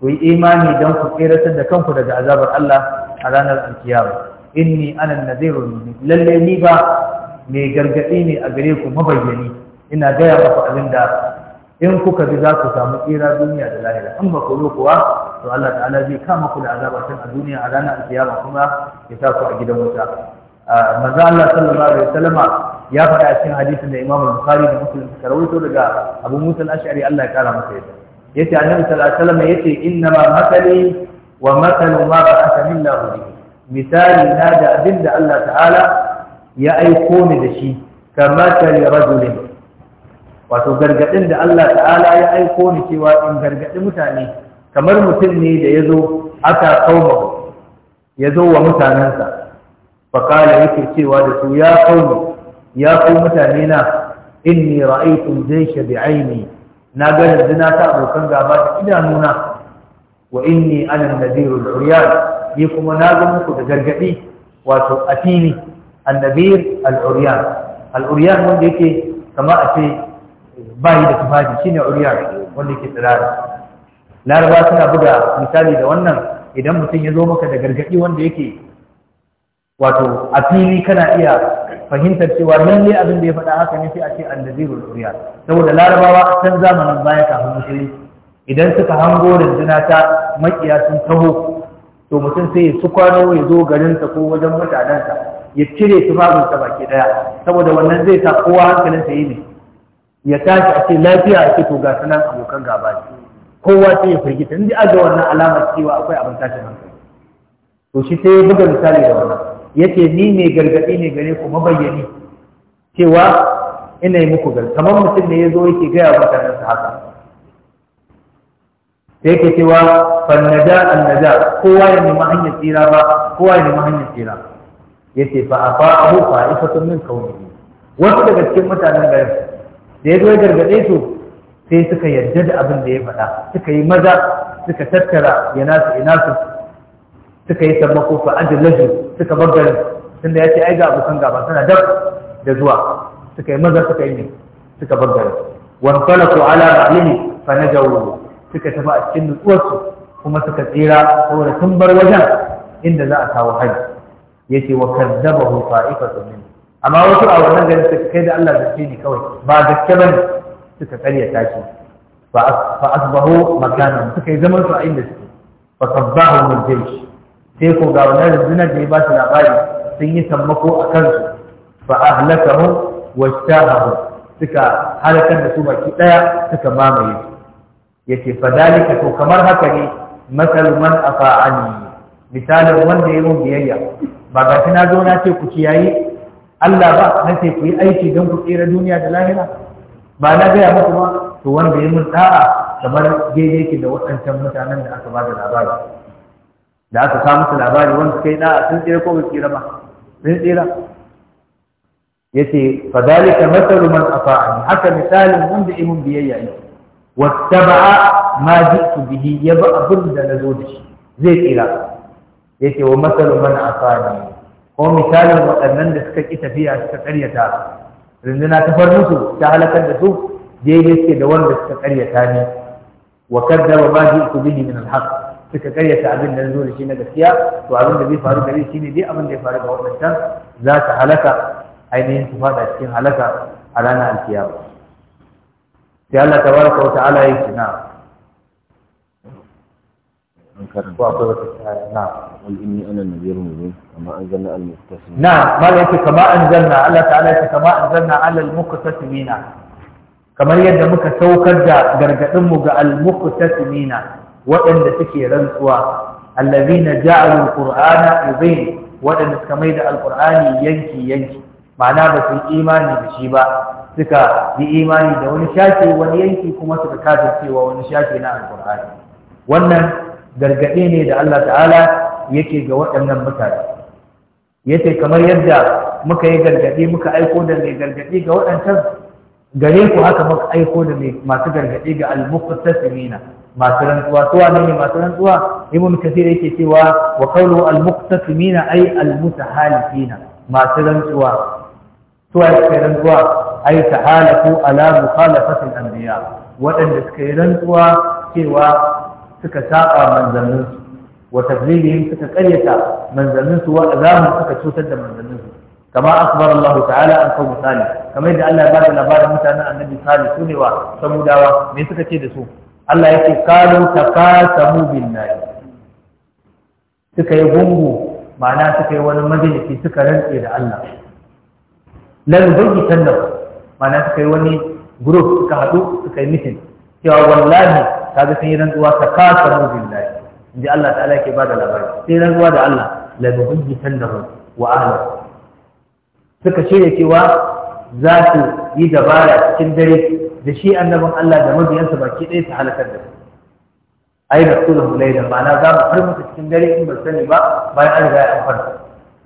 ku yi imani don ku tseratar da kanku daga azabar Allah a ranar alkiyama inni ana nazirun lalle ni ba mai gargaɗi ne a gare ku mabayyani ina gaya muku abin da in kuka bi za ku samu tsira duniya da lahira in ba ku zo kuwa to Allah ta'ala zai kama ku da azaba tun a duniya a ranar alkiyama kuma ya sa ku a gidan wuta manzo Allah sallallahu alaihi wasallama ya faɗa a cikin hadisin da Imam Bukhari da Muslim suka rawaito daga Abu Musa al-Ash'ari Allah ya kara masa yadda yace Annabi sallallahu alaihi wasallam yace innama matali wa matalu ma ba'atha billahu bihi misali na da abinda Allah ta'ala ya aiko ni da shi kamar tali rajulin wato gargadin da Allah ta'ala ya aiko ni cewa in gargadi mutane kamar mutum ne da yazo aka kauma zo wa mutanensa faqala yake cewa da su ya kauma ya ku mutane na inni ra'aytu jaysha bi'aini na ga yanzu ta abokan gaba da idanuna wa inni ana nadirul uryan ni kuma na ga muku da gargadi wato asini annabir al-uryan al-uryan wanda yake kama a ce bayi da tufafi ne uriya wanda yake tsirara laraba suna buga misali da wannan idan mutum ya zo maka da gargaɗi wanda yake wato a fili kana iya fahimtar cewa lalle abin da ya faɗa haka ne sai a ce annazirul uriya saboda larabawa a can zamanin baya kafin musulmi idan suka hango rundunar ta maƙiya sun taho to mutum sai ya sukwano ya zo garinsa ko wajen mutanensa ya cire tufafinsa baki ɗaya. saboda wannan zai sa kowa hankalinsa yi ne ya tashi a ce lafiya a ce to ga sanan abokan gaba ne kowa sai ya firgita in ji wannan alamar cewa akwai abin tashin hankali to shi sai ya buga misali da wannan yace ni ne gargadi ne gare ku mabayyani cewa ina yi muku gargadi kamar mutum ne ya zo yake gaya mutanen sa haka sai yake cewa fannada annada kowa ya nemi hanyar tsira ba kowa ya nemi hanyar tsira yace fa afa abu fa ifatun min kauni wasu daga cikin mutanen garin da ya zo gargaɗe su sai suka yarda da abin da ya faɗa suka yi maza suka tattara ya nasu ina su suka yi sammako fa ajalaju suka bangaren tunda ya ce ai ga abokan gaba suna dab da zuwa suka yi maza suka yi ne suka bangaren wa salaku ala ra'lihi fa najawu suka tafi a cikin nutsuwarsu kuma suka tsira saboda sun bar wajen inda za a kawo hari yace wa kadzabahu fa'ifatun min amma wasu a wannan gari suka kai da Allah gaske ne kawai ba ba ne. suka karyata shi fa asbahu makanan suka yi zaman su a inda suke fa sabbahu min jaysh sai ko ga wannan rundunar da ya ba su labari sun yi sammako a kansu fa ahlakahu washtahahu suka halakar da su baki daya suka mamaye yace fa dalika to kamar haka ne masalman man afa'ani misalin wanda ya yi biyayya ba ga na zo na ce ku kiyaye Allah ba na ce ku yi aiki don ku tsira duniya da lahira ba na gaya muku ba to wanda ya mun da'a kamar daidai da waɗancan mutanen da aka ba da labari da aka samu su labari wanda kai da'a sun tsira ko tsira ba sun tsira yace fadalika masalu man afa'ani haka misalin wanda imun biyayya yake ba'a ma jitu bihi yaba abin da zo da shi zai tsira yace wa masalu man afa'ani ko misalin waɗannan da suka ƙi tafiya suka ƙaryata runduna ta far musu ta halakar da su daidai suke da wanda suka ƙaryata ne wa wa ba ji'tu bihi min alhaq suka ƙaryata abin da zo da shi na gaskiya to abin da zai faru da shi ne dai abin da ya faru ga waɗancan za ta halaka ainihin su fada cikin halaka a ranar alkiyama sai Allah tabaraka wa ta'ala yake na ko akwai wata na قل إني أنا النذير المبين وما أنزلنا على المقتسمين نعم ما يأتي كما أنزلنا الله تعالى يأتي كما أنزلنا على المقتسمين كما يد مك سوكر جا درجة مك المقتسمين وإن تكي رنسوا الذين جعلوا القرآن يبين وإن كميد القرآن ينكي ينكي معناه بس إيماني بشيبا suka yi imani da wani shafi wani yanki kuma suka kafircewa wani shafi na alkur'ani wannan gargaɗi ne da Allah ta'ala yake ga waɗannan mutane yace kamar yadda muka yi gargadi muka aiko da mai gargadi ga waɗancan gare ku haka muka aiko da mai masu gargadi ga al-muqtasimina masu rantsuwa suwa ne ne masu rantsuwa ibn kathir yake cewa wa qawlu al-muqtasimina ay al-mutahalifina masu rantsuwa suwa suka rantsuwa ay tahalaku ala mukhalafati al-anbiya waɗanda suka yi rantsuwa cewa suka saba manzanninsu wa takzibihim suka karyata manzannin su wa suka cutar da manzannin su kama akbar Allah ta'ala an kawo misali kamar yadda Allah ya bada labarin mutanen annabi salih su ne wa samudawa me suka ce da su Allah yake kalu taqasamu bin nar suka yi gungu ma'ana suka yi wani majalisi suka rantse da Allah lan bayyi tanna ma'ana suka yi wani suka haɗu suka yi meeting wallahi kaga sun yi rantsuwa taqasamu bin da Allah ta'ala ke bada labari sai rantsuwa da Allah la da wa ahlihi suka shirya cewa za su yi dabara cikin dare da shi annabin Allah da mabiyansa baki ɗaya su halakar da su ai da su da hulai da ma'ana za mu har musu cikin dare in ba sani ba bayan an riga an farka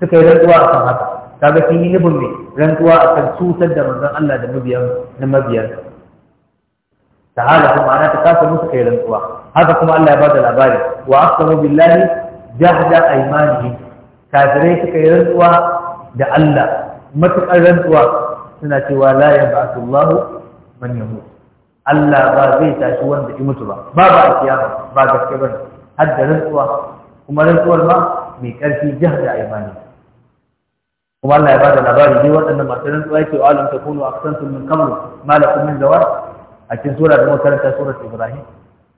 suka yi rantsuwa akan haka kaga sun yi nufin mai rantsuwa akan cutar da manzon Allah da mabiyan na mabiyansa ta halaka ma'ana ta kasa musu kai rantsuwa haka kuma Allah ya bada labari wa aqsamu billahi jahda aymanihim kafirai suka yi rantsuwa da Allah matukar rantsuwa suna cewa la yab'athu Allah man yamut Allah ba zai tashi wanda ya mutu ba ba ba kiyama ba gaske bane har da rantsuwa kuma rantsuwar ma mai karfi jahda aymanihim kuma Allah ya bada labari dai waɗannan masu rantsuwa yake wa alam takunu aqsantum min qabl ma lakum min zawar a cikin sura da makaranta surat Ibrahim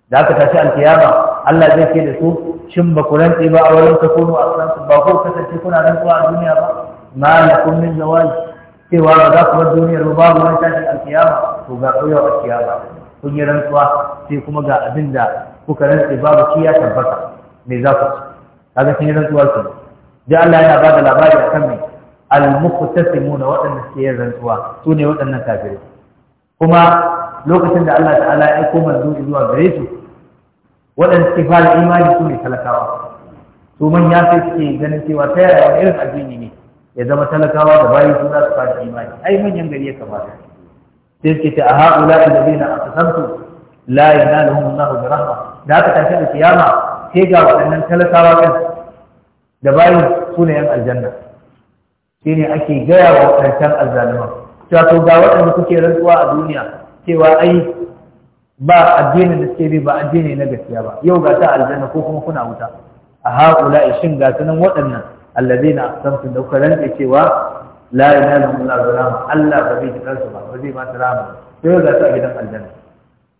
da aka tashi alkiyama Allah zai ce da su shin ba ku rantse ba a wurin ka kono a kansu ba ko kasance kuna rantsuwa a duniya ba ma la kun min zawali cewa ba za ku bar duniyar ba babu wani tashi alkiyama to ga koyo alkiyama kun yi rantsuwa sai kuma ga abin da kuka rantse babu shi ya tabbata me za ku ci kaga kun yi rantsuwa ku da Allah yana ba da labari akan me al-muqtasimuna waɗanda suke yin rantsuwa su ne waɗannan kafirai kuma lokacin da Allah ta'ala ya aiko manzo zuwa gare su waɗanda suke fara imani su ne talakawa su ya sai suke ganin cewa ta yaya wani irin addini ne ya zama talakawa da bayi su za su fara imani ai manyan gari ya kamata sai suke ta a ha'ula da zai na akasantu la yanaluhum Allah bi rahma da aka tashi da kiyama sai ga waɗannan talakawa kan da bayi su ne yan aljanna shine ake gaya wa waɗancan azzaliman cewa to ga waɗanda kuke rantsuwa a duniya cewa ai ba addinin da suke bi ba addini na gaskiya ba yau ga ta aljanna ko kuma kuna wuta a haƙula shin ga sunan waɗannan allazina aqsamtum da kuka rantse cewa la ilaha illallah zalama Allah ba zai kira su ba ba zai ba su rama to yau ga ta gidan aljanna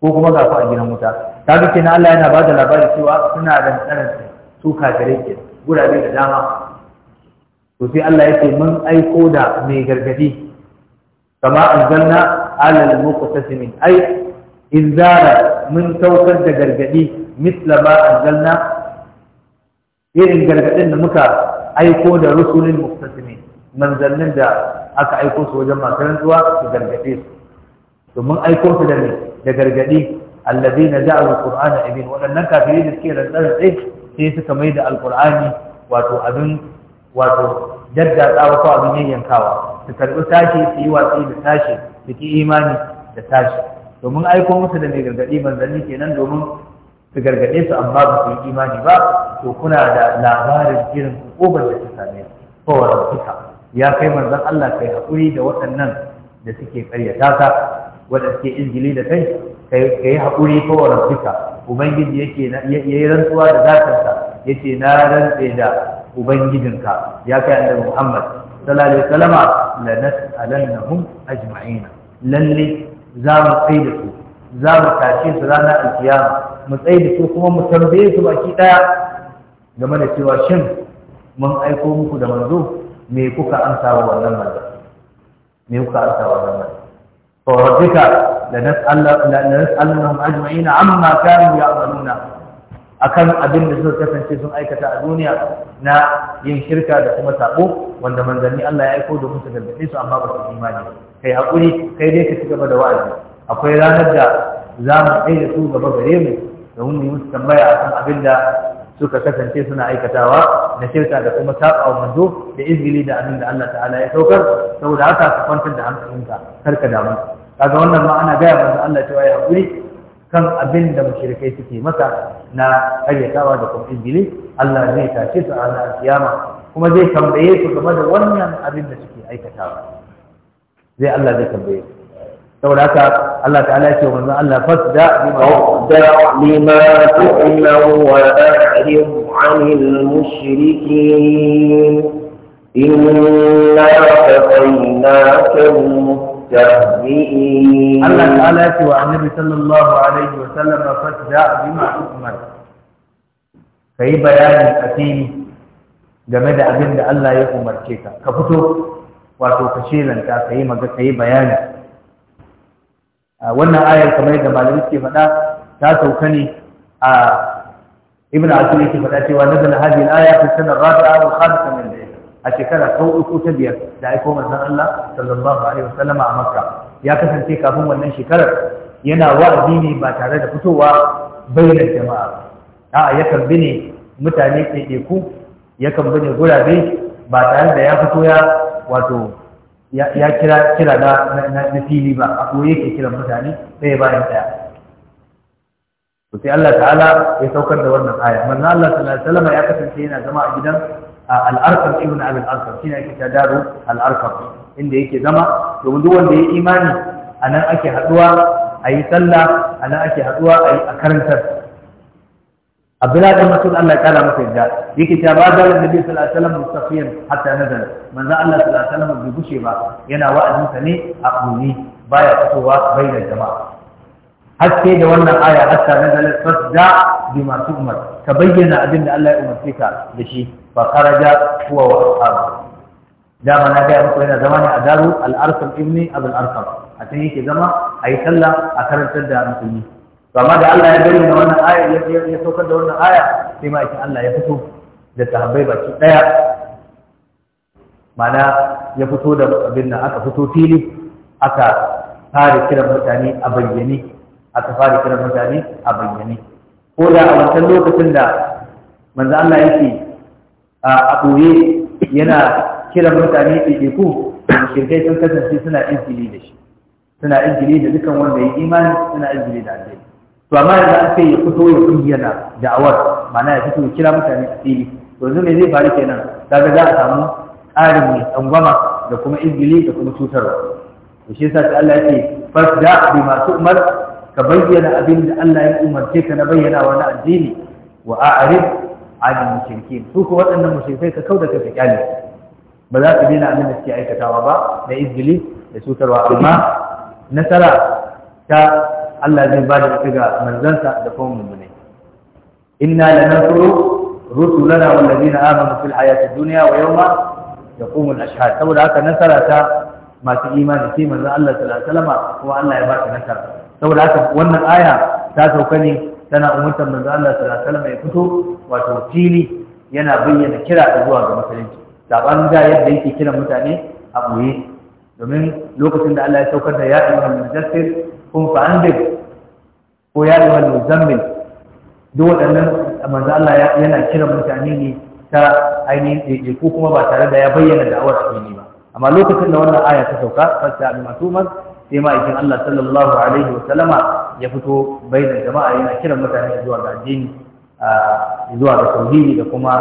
ko kuma ga ku a gidan wuta kaga kenan Allah yana ba da labari cewa suna da tsaransu su kafirai ke gurabe da dama to sai Allah yake mun aiko da mai gargadi kama anzalna alal muqtasimin ai inzara mun saukar da gargadi misla ma anzalna irin gargadin da muka aiko da rusulin muqtasimin manzannin da aka aiko su wajen masu rantsuwa su gargade su to mun aiko su da ne da gargadi alladheena ja'alu alqur'ana ibn wadannan kafirai da suke rantsar tsaye sai suka mai da alqur'ani wato abin wato daddatsawa ko abin su karbi tashi su yi watsi da da ki imani da tashi domin aiko musu da mai gargaɗi manzanni kenan domin su gargaɗe su amma ba su yi imani ba to kuna da labarin irin kobar da ta same su kowar ya kai manzan Allah kai haƙuri da waɗannan da suke ƙaryata ka waɗanda suke injili da kai ka yi haƙuri kowar ubangiji yake ya yi rantsuwa da zatansa yake na rantse da ubangijinka ya kai annabi Muhammad sallallahu alaihi wasallam la nas'alannahum ajma'in lalle za mu tsaye da su za mu tashi su rana alkiyama mu tsaye da su kuma mu tambaye su baki daya game da cewa shin mun aiko muku da manzo me kuka amsa wa wannan manzo me kuka amsa wa wannan manzo fa rabbika lanas'alannahum ajma'in amma kanu ya'maluna akan abin da suka kasance sun aikata a duniya na yin shirka da kuma sabo wanda manzanni Allah ya aiko domin su gargaɗe su amma ba su imani kai hakuri kai dai ka ci gaba da wa'azi akwai ranar da za mu kai da su gaba gare mu Da mu yi musu tambaya akan abin da suka kasance suna aikatawa na shirka da kuma saɓa manzo da izgili da abin da Allah ta'ala ya saukar saboda haka ka kwantar da hankalinka kar ka damu kaga wannan ma ana gaya manzo Allah cewa ya hakuri kan abin da mushrikai suke masa na ayyatawa da kuma injili Allah zai tashe su a ranar kiyama kuma zai tambaye su game da wannan abin da suke aikatawa zai Allah zai tambaye su saboda haka Allah ta'ala ce manzo Allah fasda bima lima tu'minu wa a'rid 'anil mushrikin inna fasaynaka مستهزئين الله تعالى يتوى النبي صلى الله عليه وسلم فاتدع game da abin da Allah ya umarce ka ka fito wato ka shelanta ka yi maga ka yi bayani wannan ayar kamar yadda malamai suke faɗa ta sauka ne a ibn asir yake faɗa cewa nazala hadhihi al-aya fi sanar rabi'a wal khamisa min a shekara ta uku ta biyar da aiko manzon Allah sallallahu alaihi wasallama a Makka ya kasance kafin wannan shekarar yana wa'azi ne ba tare da fitowa bayyana jama'a a'a yakan bi ne mutane ɗaiɗaiku yakan bi ne gurabe ba tare da ya fito ya wato ya kira kira na na fili ba a koyi ke kiran mutane ɗaya bayan ɗaya to sai Allah ta'ala ya saukar da wannan aya manzo Allah sallallahu alaihi wasallam ya kasance yana zama a gidan al'arkar ibn abin arkar shi ne ake ta daru al'arkar inda yake zama domin duk wanda ya yi imani a nan ake haɗuwa a yi sallah a nan ake haɗuwa a yi a karantar abdullahi masu masud Allah ya masa yadda yake ta ba da nabi sallallahu alaihi wasallam mustaqiyan hatta nazal manzo Allah sallallahu alaihi wasallam bai gushe ba yana wa'azin sa ne a kuni baya fitowa da jama'a haske da wannan aya hatta nazalat fasda bima Umar, ka bayyana abin da Allah ya umarce ka da shi fa kharaja huwa wa ashabu da na gaya muku yana zama ne a daru al-arsal ibni abul arsal a can yake zama a yi sallah a karantar da musulmi to amma da Allah ya gani da wannan aya ya saukar da wannan aya sai ma yake Allah ya fito da sahabbai baki daya Ma'ana ya fito da abin aka fito fili aka fara kiran mutane a bayyane aka fara mutane a bayyane ko da a wancan lokacin da manzo Allah yake a ɓoye yana kiran mutane ɗaiɗaiku shirkai sun kasance suna izgili da shi suna izgili da dukan wanda ya imani suna izgili da aljani to amma yanzu an kai ya fito ya bayyana da'awar ma'ana ya fito ya kira mutane a fili to yanzu ne zai faru kenan kaga za a samu ƙarin mai tsangwama da kuma ingili da kuma cutarwa to shi yasa Allah yake ce fasda bi masu umar ka bayyana abin da Allah ya umarce ka na bayyana wani addini wa a'rid adin mushrikin su ko waɗannan mushrikai ka kauda ka kyale ba za su daina abin da suke aikatawa ba da izgili da cutarwa amma nasara ta Allah zai ba da ga manzansa da kuma mummunai inna lanansuru rusulana wallazina amanu fil hayatid dunya wa yawma yaqumu al-ashhad saboda haka nasara ta masu imani sai manzon Allah sallallahu alaihi wasallam kuma Allah ya ba ta nasara saboda haka wannan aya ta sauka ne tana umurtar manzo Allah sallallahu alaihi wasallam ya fito wato fili yana bayyana kira da zuwa ga musulunci saban da yadda yake kiran mutane a boye domin lokacin da Allah ya saukar da ya ayyuhal mujassir kun fa andir ko ya ayyuhal muzammil duk waɗannan manzo Allah yana kiran mutane ne ta ainihin ko kuma ba tare da ya bayyana da'awar addini ba amma lokacin da wannan aya ta sauka fasta al-masuman sai ma'aikin Allah sallallahu alaihi Wasallama ya fito bai da jama'a yana kiran mutane zuwa ga addini zuwa ga tauhidi da kuma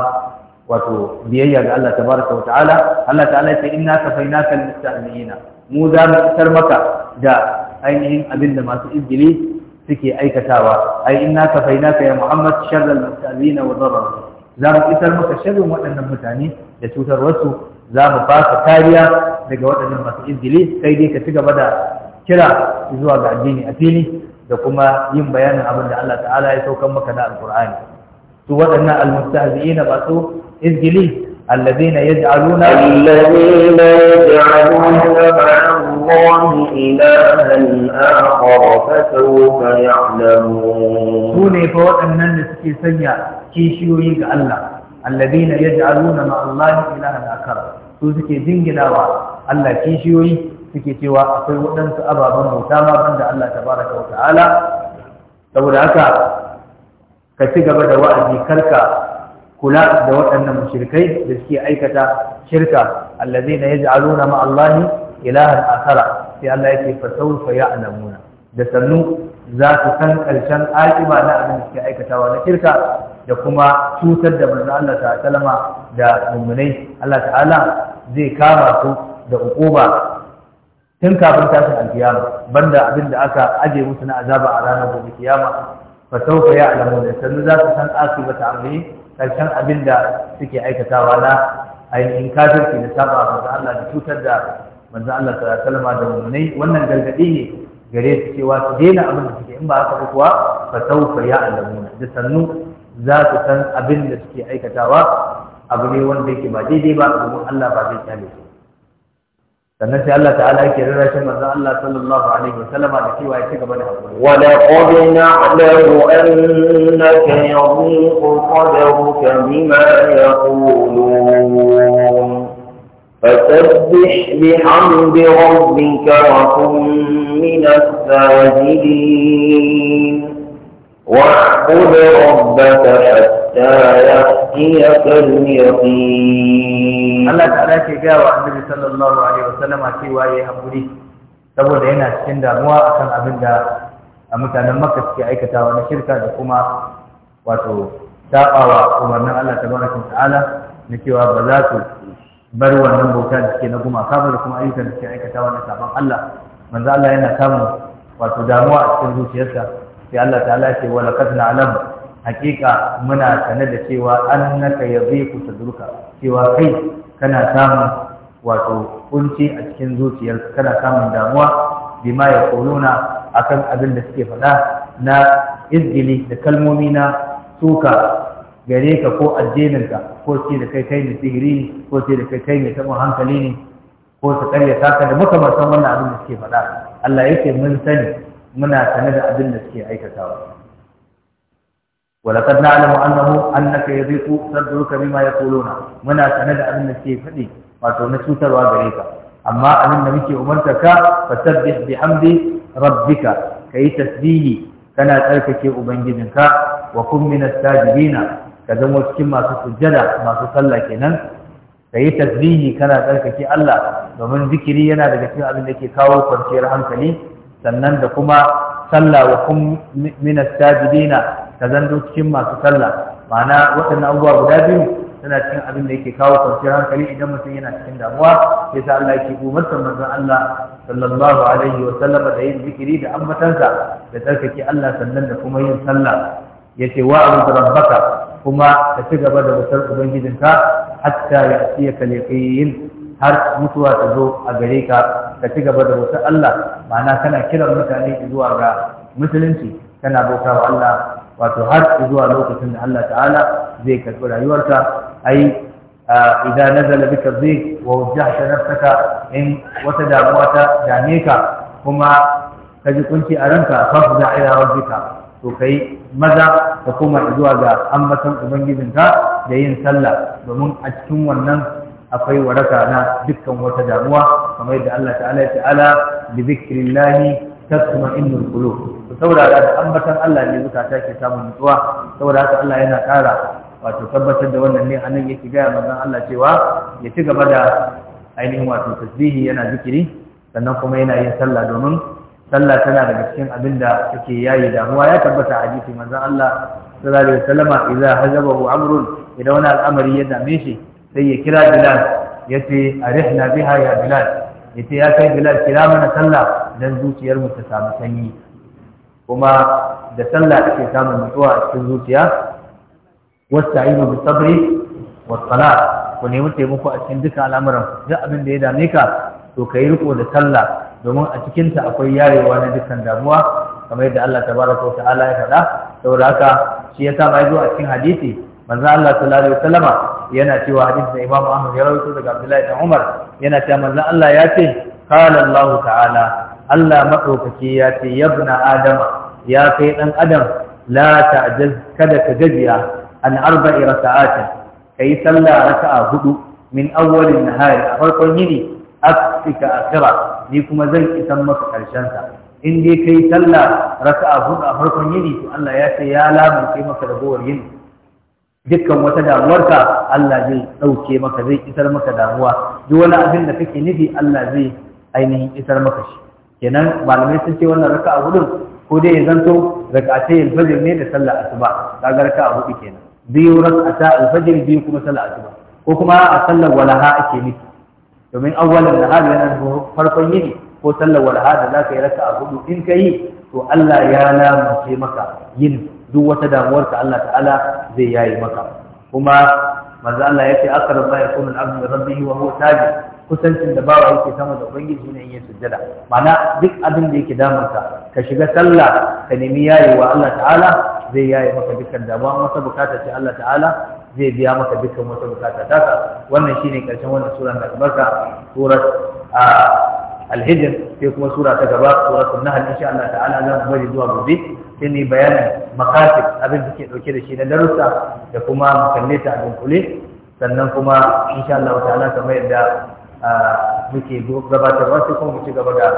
wato biyayya ga Allah tabaraka wa ta'ala Allah ta'ala ya ce inna kafainaka lil-musta'minina mu za mu isar maka da ainihin abin da masu izgili suke aikatawa ai inna kafainaka ya Muhammad sharral musta'minina wa darar za mu isar maka sharrin waɗannan mutane da cutarwarsu za mu fasa kariya daga waɗannan masu izgili sai dai ka ci gaba da kira zuwa ga addini a fili da kuma yin bayanin abin da Allah ta'ala ya saukan maka na alkur'ani su waɗannan almustahzi'ina masu izgili الذين يجعلون الذين يجعلون مع الله إلها آخر فسوف يعلمون سوني فوق أن النسكي سيئ كيشيوي الله alladina yaj'aluna ma Allah ilahan akar su suke jinginawa Allah kishiyoyi suke cewa akwai waɗansu ababen bauta ma banda Allah tabaraka wa ta'ala saboda haka ka ci gaba da wa'azi karka kula da waɗannan mushrikai da suke aikata shirka alladina yaj'aluna ma Allah ilahan akar sai Allah yake fa sawfa ya'lamuna da sannu za su san ƙarshen aƙiba na abin da suke aikatawa na shirka da kuma cutar da manzo Allah ta sallama da mummunai Allah ta'ala zai kama su da hukuma tun kafin tashin alkiyama banda abin da aka aje musu na azaba a ranar gobe kiyama fa sawfa ya'lamu da sanu za su san a amri karshen abin da suke aikatawa na ainihin kafirci da saba manzo Allah da cutar da manzo Allah ta sallama da mummunai wannan gargadi ne gare su cewa su daina abin da suke in ba haka ba kuwa fa ya ya'lamu da sannu za su san abin da suke aikatawa abu ne wanda yake ba daidai ba domin Allah ba zai kyale su sannan sai Allah ta'ala yake rarrashin manzon Allah sallallahu alaihi wasallam da cewa ya ci gaba da hakuri wa la qad na'lamu annaka yadhiqu qadruka bima yaqulun فسبح بحمد ربك وكن من الساجدين واعبد ربك حتى يأتيك اليقين Allah ta'ala ke gaya wa annabi sallallahu alaihi wasallam cewa yayi hakuri saboda yana cikin damuwa akan abin da a mutanen Makka suke aikatawa na shirka da kuma wato sabawa umarnin Allah tabaraka ta'ala na cewa ba za su bar wannan bauta da suke na gumaka Kafa da kuma ayyukan da suke aikatawa na sabon Allah manzo Allah yana samun wato damuwa a cikin zuciyarsa sai Allah ta'ala ce wala qad na'lam hakika muna sanar da cewa annaka yadhiqu sadruka cewa kai kana samun wato kunci a cikin zuciyar kana samun damuwa bima kuluna akan abin da suke faɗa na izgili da kalmomi na suka gare ka ko addininka ko ce da kai kai mai sihiri ko ce da kai kai mai taɓin hankali ne ko su karya ka da makamantan wannan abin da suke faɗa Allah yake mun sani muna sane da abin da suke aikatawa ولقد نعلم انه انك يضيق صدرك بما يقولون muna sane da abin da suke faɗi wato na cutarwa gare ka amma abin da muke umarta ka fasabbih bihamdi rabbika kai tasbihi kana tsarkake ubangijinka wa kun min as-sajidina ka zama cikin masu sujjada masu sallah kenan kai tasbihi kana tsarkake Allah domin zikiri yana daga cikin abin da ke kawo kwanciyar hankali sannan da kuma sallah wa kun min sajidina ka zando cikin masu sallah ma'ana waɗannan abubuwa guda biyu suna cikin abin da yake kawo kwanciyar hankali idan mutum yana cikin damuwa sai sa Allah yake umartar manzon Allah sallallahu alaihi wa sallama da yin zikiri da ambatansa da tsarkake Allah sannan da kuma yin sallah yace wa abudu rabbaka kuma ka ci gaba da wutar ubangijinka hatta ya asiya kal yaqin har mutuwa ta zo a gare ka ka ci gaba da bautar Allah ma'ana kana kiran mutane zuwa ga musulunci kana bauta wa Allah wato har zuwa lokacin da Allah ta'ala zai karɓi rayuwarka ai na nazala bika zai wa wajjahta nafsaka in wata damuwa ta dame ka kuma ka ji kunci a ranka yi ila rabbika to kai maza ka koma zuwa ga ambaton ubangijinka da yin sallah domin a cikin wannan akwai waraka na dukkan wata damuwa kamar yadda Allah ta'ala ya ta'ala bi zikrillahi tatma'innul qulub saboda da ambatan Allah ne zukata ke samun nutsuwa saboda haka Allah yana ƙara wato tabbatar da wannan ne anan yake gaya manzon Allah cewa ya ci gaba da ainihin wato tasbihi yana zikiri sannan kuma yana yin sallah domin sallah tana daga cikin abin da take yayi damuwa ya tabbata jiki manzon Allah sallallahu alaihi wasallama idza hajabahu amrun idan wani al'amari ya dame shi sai ya kira bilal ya ce a rihna biha ya bilal ya ce ya kai bilal kira mana sallah don zuciyarmu ta samu sanyi kuma da sallah ake samun mutuwa a cikin zuciya wasta'inu bi sabri wa sala ku nemi taimako a cikin duka al'amuran duk abin da ya dame ka to yi riko da sallah domin a cikinta akwai yarewa na dukkan damuwa kamar yadda Allah tabaraka wa ta'ala ya faɗa saboda haka shi sa ma zuwa a cikin hadisi manzo Allah sallallahu alaihi wasallama yana cewa hadisin Imam Ahmad ya rawaito daga Abdullahi ibn Umar yana cewa manzo Allah ya ce qala Allah ta'ala Allah madaukaki ya ce yabna adama ya kai dan adam la ta'jaz kada ka gajiya an arba'i raka'atin kai sallah raka'a hudu min awwalin nahari a farkon yini afika akhira ni kuma zan isan maka karshen sa in dai kai sallah raka'a hudu a farkon yini to Allah ya ce ya lamunce maka da gowar yini dukkan wata damuwarka Allah zai ɗauke maka zai isar maka damuwa duk wani abin da kake nufi Allah zai ainihin isar maka shi kenan malamai sun ce wannan raka'a hudun ko dai ya zanto raka'atai alfajir ne da sallah asuba kaga raka'a hudu kenan biyu raka'ata alfajir biyu kuma sallah asuba ko kuma a sallar walaha ake nufi domin awwalan nahar yana farkon yini ko sallar walaha da za ka yi raka'a hudu in ka yi to Allah ya lamunce maka yin duk wata damuwarka Allah ta'ala zai yayi maka kuma manzo Allah yace akara ba ya kunu abdu rabbihi wa huwa sajid kusancin da bawa yake sama da ubangiji ne in ya sujjada Mana duk abin da yake damunsa ka shiga sallah ka nemi yayi wa Allah ta'ala zai yayi maka dukkan damuwa masa bukata ce Allah ta'ala zai biya maka dukkan wata bukata taka wannan shine karshen wannan sura da albarka surat al-hijr sai kuma sura ta gaba suratul nahl insha Allah ta'ala zan mu bari zuwa gobe shi ne bayanin makasik abin da ke dauke da shi na darussa da kuma makalle ta abin kule sannan kuma insha Allah ta'ala kamar yadda ah, muke gabatar wasu kuma mu ci gaba da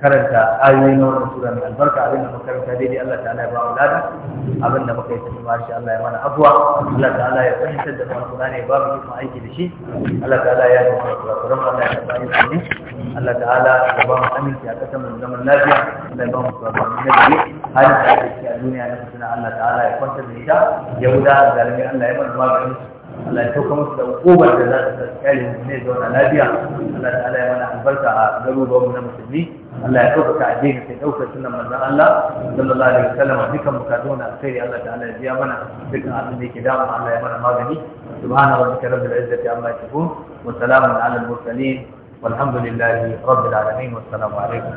karanta ayoyi na wannan sura mai albarka abin da makaranta daidai Allah ta'ala ya ba mu lada abin da muka yi ta kuma shi Allah ya mana abuwa Allah ta'ala ya fahimtar da mu alqur'ani ba mu kuma aiki da shi Allah ta'ala ya yi mu alqur'ani Allah ya ba mu ne Allah ta'ala ya ba mu aminci a kasan mu zaman lafiya Allah ya ba mu sabani na gari har da ake a duniya na mutuna Allah ta'ala ya kwantar da ita da zalimi Allah ya mana maganin su Allah ya sauka musu da hukumar da za ta tsare mu ne zauna lafiya Allah ta'ala ya mana albarka a garuruwanmu na musulmi Allah ya ɗaukaka addini sai ɗaukar sunan manzon Allah sallallahu alaihi wasallam dukan bukatu na alkhairi Allah ta'ala ya biya mana dukan abin da yake da Allah ya mana magani subhana wa ta'ala rabbil izzati amma yasifun wa salamun ala al mursalin والحمد rabbil alamin العالمين والسلام